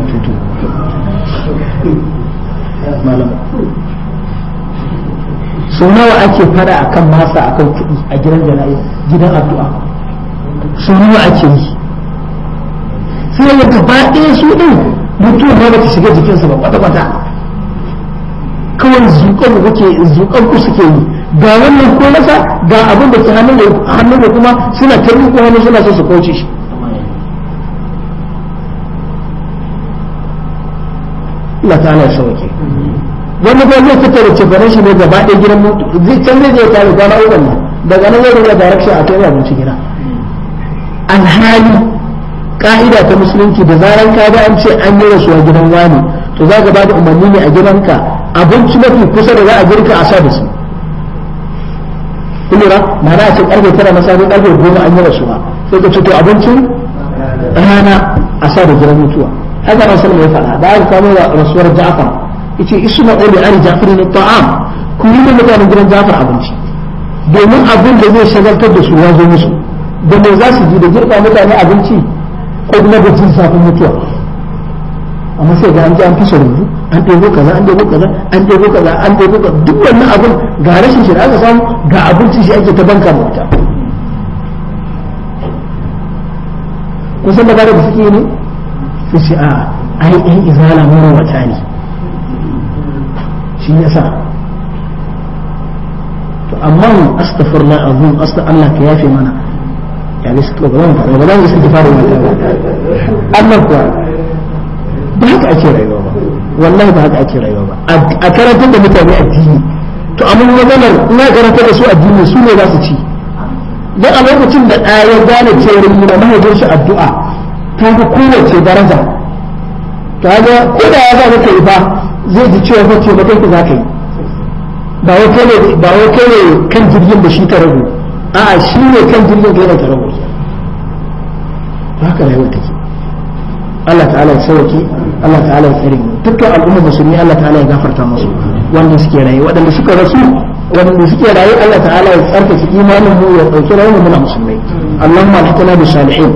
A: Su nawa ake fara a kan masa kan kudi a gidan jana'i gidan addu'a su nawa ake yi sai ya gaba ɗaya su ɗin mutum ba ta shiga jikinsa ba kwata-kwata kawai zuƙan kuke zuƙan ku suke yi ga wannan ko masa ga abin da ke hannun da kuma suna tarbi ko hannun suna so su kauce shi Allah ta'ala ya sauke wani ko zai fita da cefanen shi ne gaba ɗaya gidan mutu zai can zai je tare kwana uban nan daga nan zai rubuta direction a kai abinci gida alhali ka'ida ta musulunci da zaran ka ga an ce an yi rasuwa gidan wani to za ka ba da umarni ne a gidanka abinci mafi kusa da za a girka a sa da su kullura na na ce karfe tara na safe karfe goma an yi rasuwa sai ka ce to abincin rana a sa da gidan mutuwa haka rasul mai faɗa da aka kamo da rasuwar ja'far yace isma qawli ali ja'far min ta'am ku yi da mutanen gidan ja'far abinci domin abin da zai shagaltar da su ya zo musu da me za su ji da girka mutane abinci ko kuma da jin safin mutuwa amma sai ga an ji an fasa rubu an ɗebo kaza an ɗebo kaza an ɗebo kaza an ɗebo kaza duk wannan abin ga rashin shi da aka samu ga abinci shi ake ta banka mota kusan da ba da suke ne sai a ah, ai ɗan izala wata ne shi sa. to amma astaghfirullah azum asta Allah ka yafe mana Ya yani su ba zan fara ba za mu istighfar ba. Allah kuwa ba haka ake rayuwa ba wallahi ba haka ake rayuwa ba a karatun da mutane addini to amma maganar ina karantar da su addini su ne za su ci dan a lokacin da ɗaya gane cewa mun mahajin shi addu'a ta fi kowace daraja kaga ko da ya zama kai ba zai ji cewa fa ce bakai za ka yi ba wai kai ne ba wai kai ne kan jirgin da shi ta rabu a'a shi ne kan jirgin kai da ka rabu haka rayuwar take Allah ta'ala ya sauke Allah ta'ala ya tsare dukkan al'ummar musulmi Allah ta'ala ya gafarta musu wanda suke raye waɗanda suka rasu waɗanda suke raye Allah ta'ala ya tsarkake imanin mu ya dauke rayuwar mu na musulmai Allahumma alhaqna bis salihin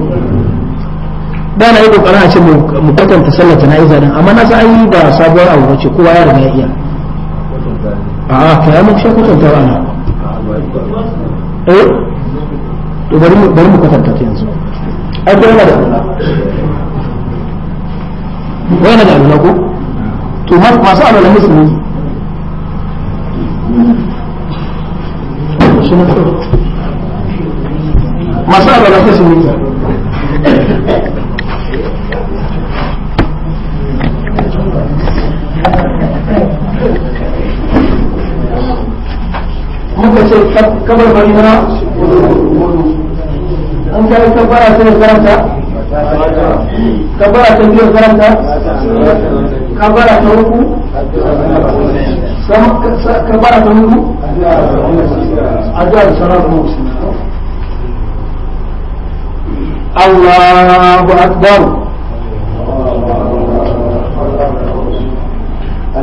A: ba na yi kokarin a ce mu kwatanta sallar jana'iza din amma na san an yi da sabuwar abu bace kowa ya riga ya iya
B: a ka ya muku shan kwatanta ba na
A: eh to bari mu bari mu kwatanta ta yanzu
B: ai ko yana da alula
A: ko yana da Allah ko to masu alula musulmi masu alula musulmi ce kabar bari na an kai kabara sai karanta kabara ta biyu karanta kabara ta uku kabara ta uku addu'a sarar musulmi Allahu akbar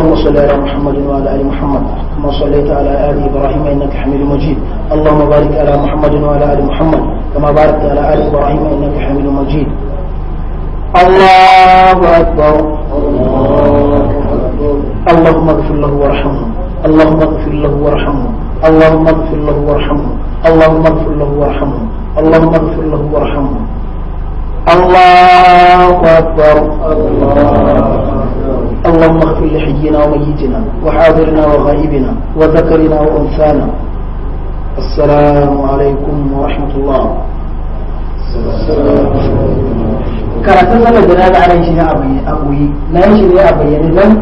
A: اللهم صل على محمد وعلى ال محمد كما صليت على ال ابراهيم انك حميد مجيد اللهم بارك على محمد وعلى ال محمد كما باركت على ال ابراهيم انك حميد مجيد الله اكبر اللهم اغفر له وارحمه اللهم اغفر له وارحمه اللهم اغفر له وارحمه اللهم اغفر له وارحمه اللهم اغفر له وارحمه الله اكبر الله اللهم اغفر لحينا وميتنا وحاضرنا وغائبنا وذكرنا السلام عليكم الله
B: karatun sama jana'a
A: ana shi ne a ɓoye na shi ne a bayyane don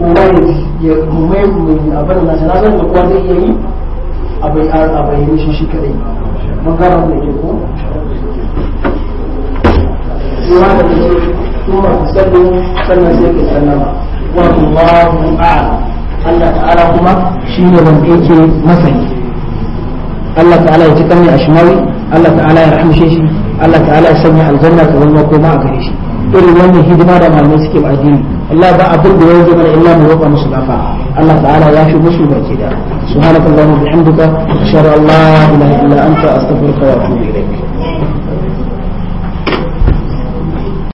A: kowa ya kuma ya abin da da zai iya yi a bayyane shi shi kadai mun ke ko? shine تسلم سنة سيك سلم والله أعلم الله تعالى هما شيء وانكيك ya الله shi. Allah Ta'ala الله تعالى يرحم شيشي الله تعالى يسمع الجنة والمقومة shi. irin wannan hidima da malamai suke ba addini Allah ba abin da ya zama illa mu roƙa musu lafa Allah ta'ala ya fi musu baki da subhanakallahumma bihamdika ashhadu an la ilaha illa anta astaghfiruka wa atubu ilayk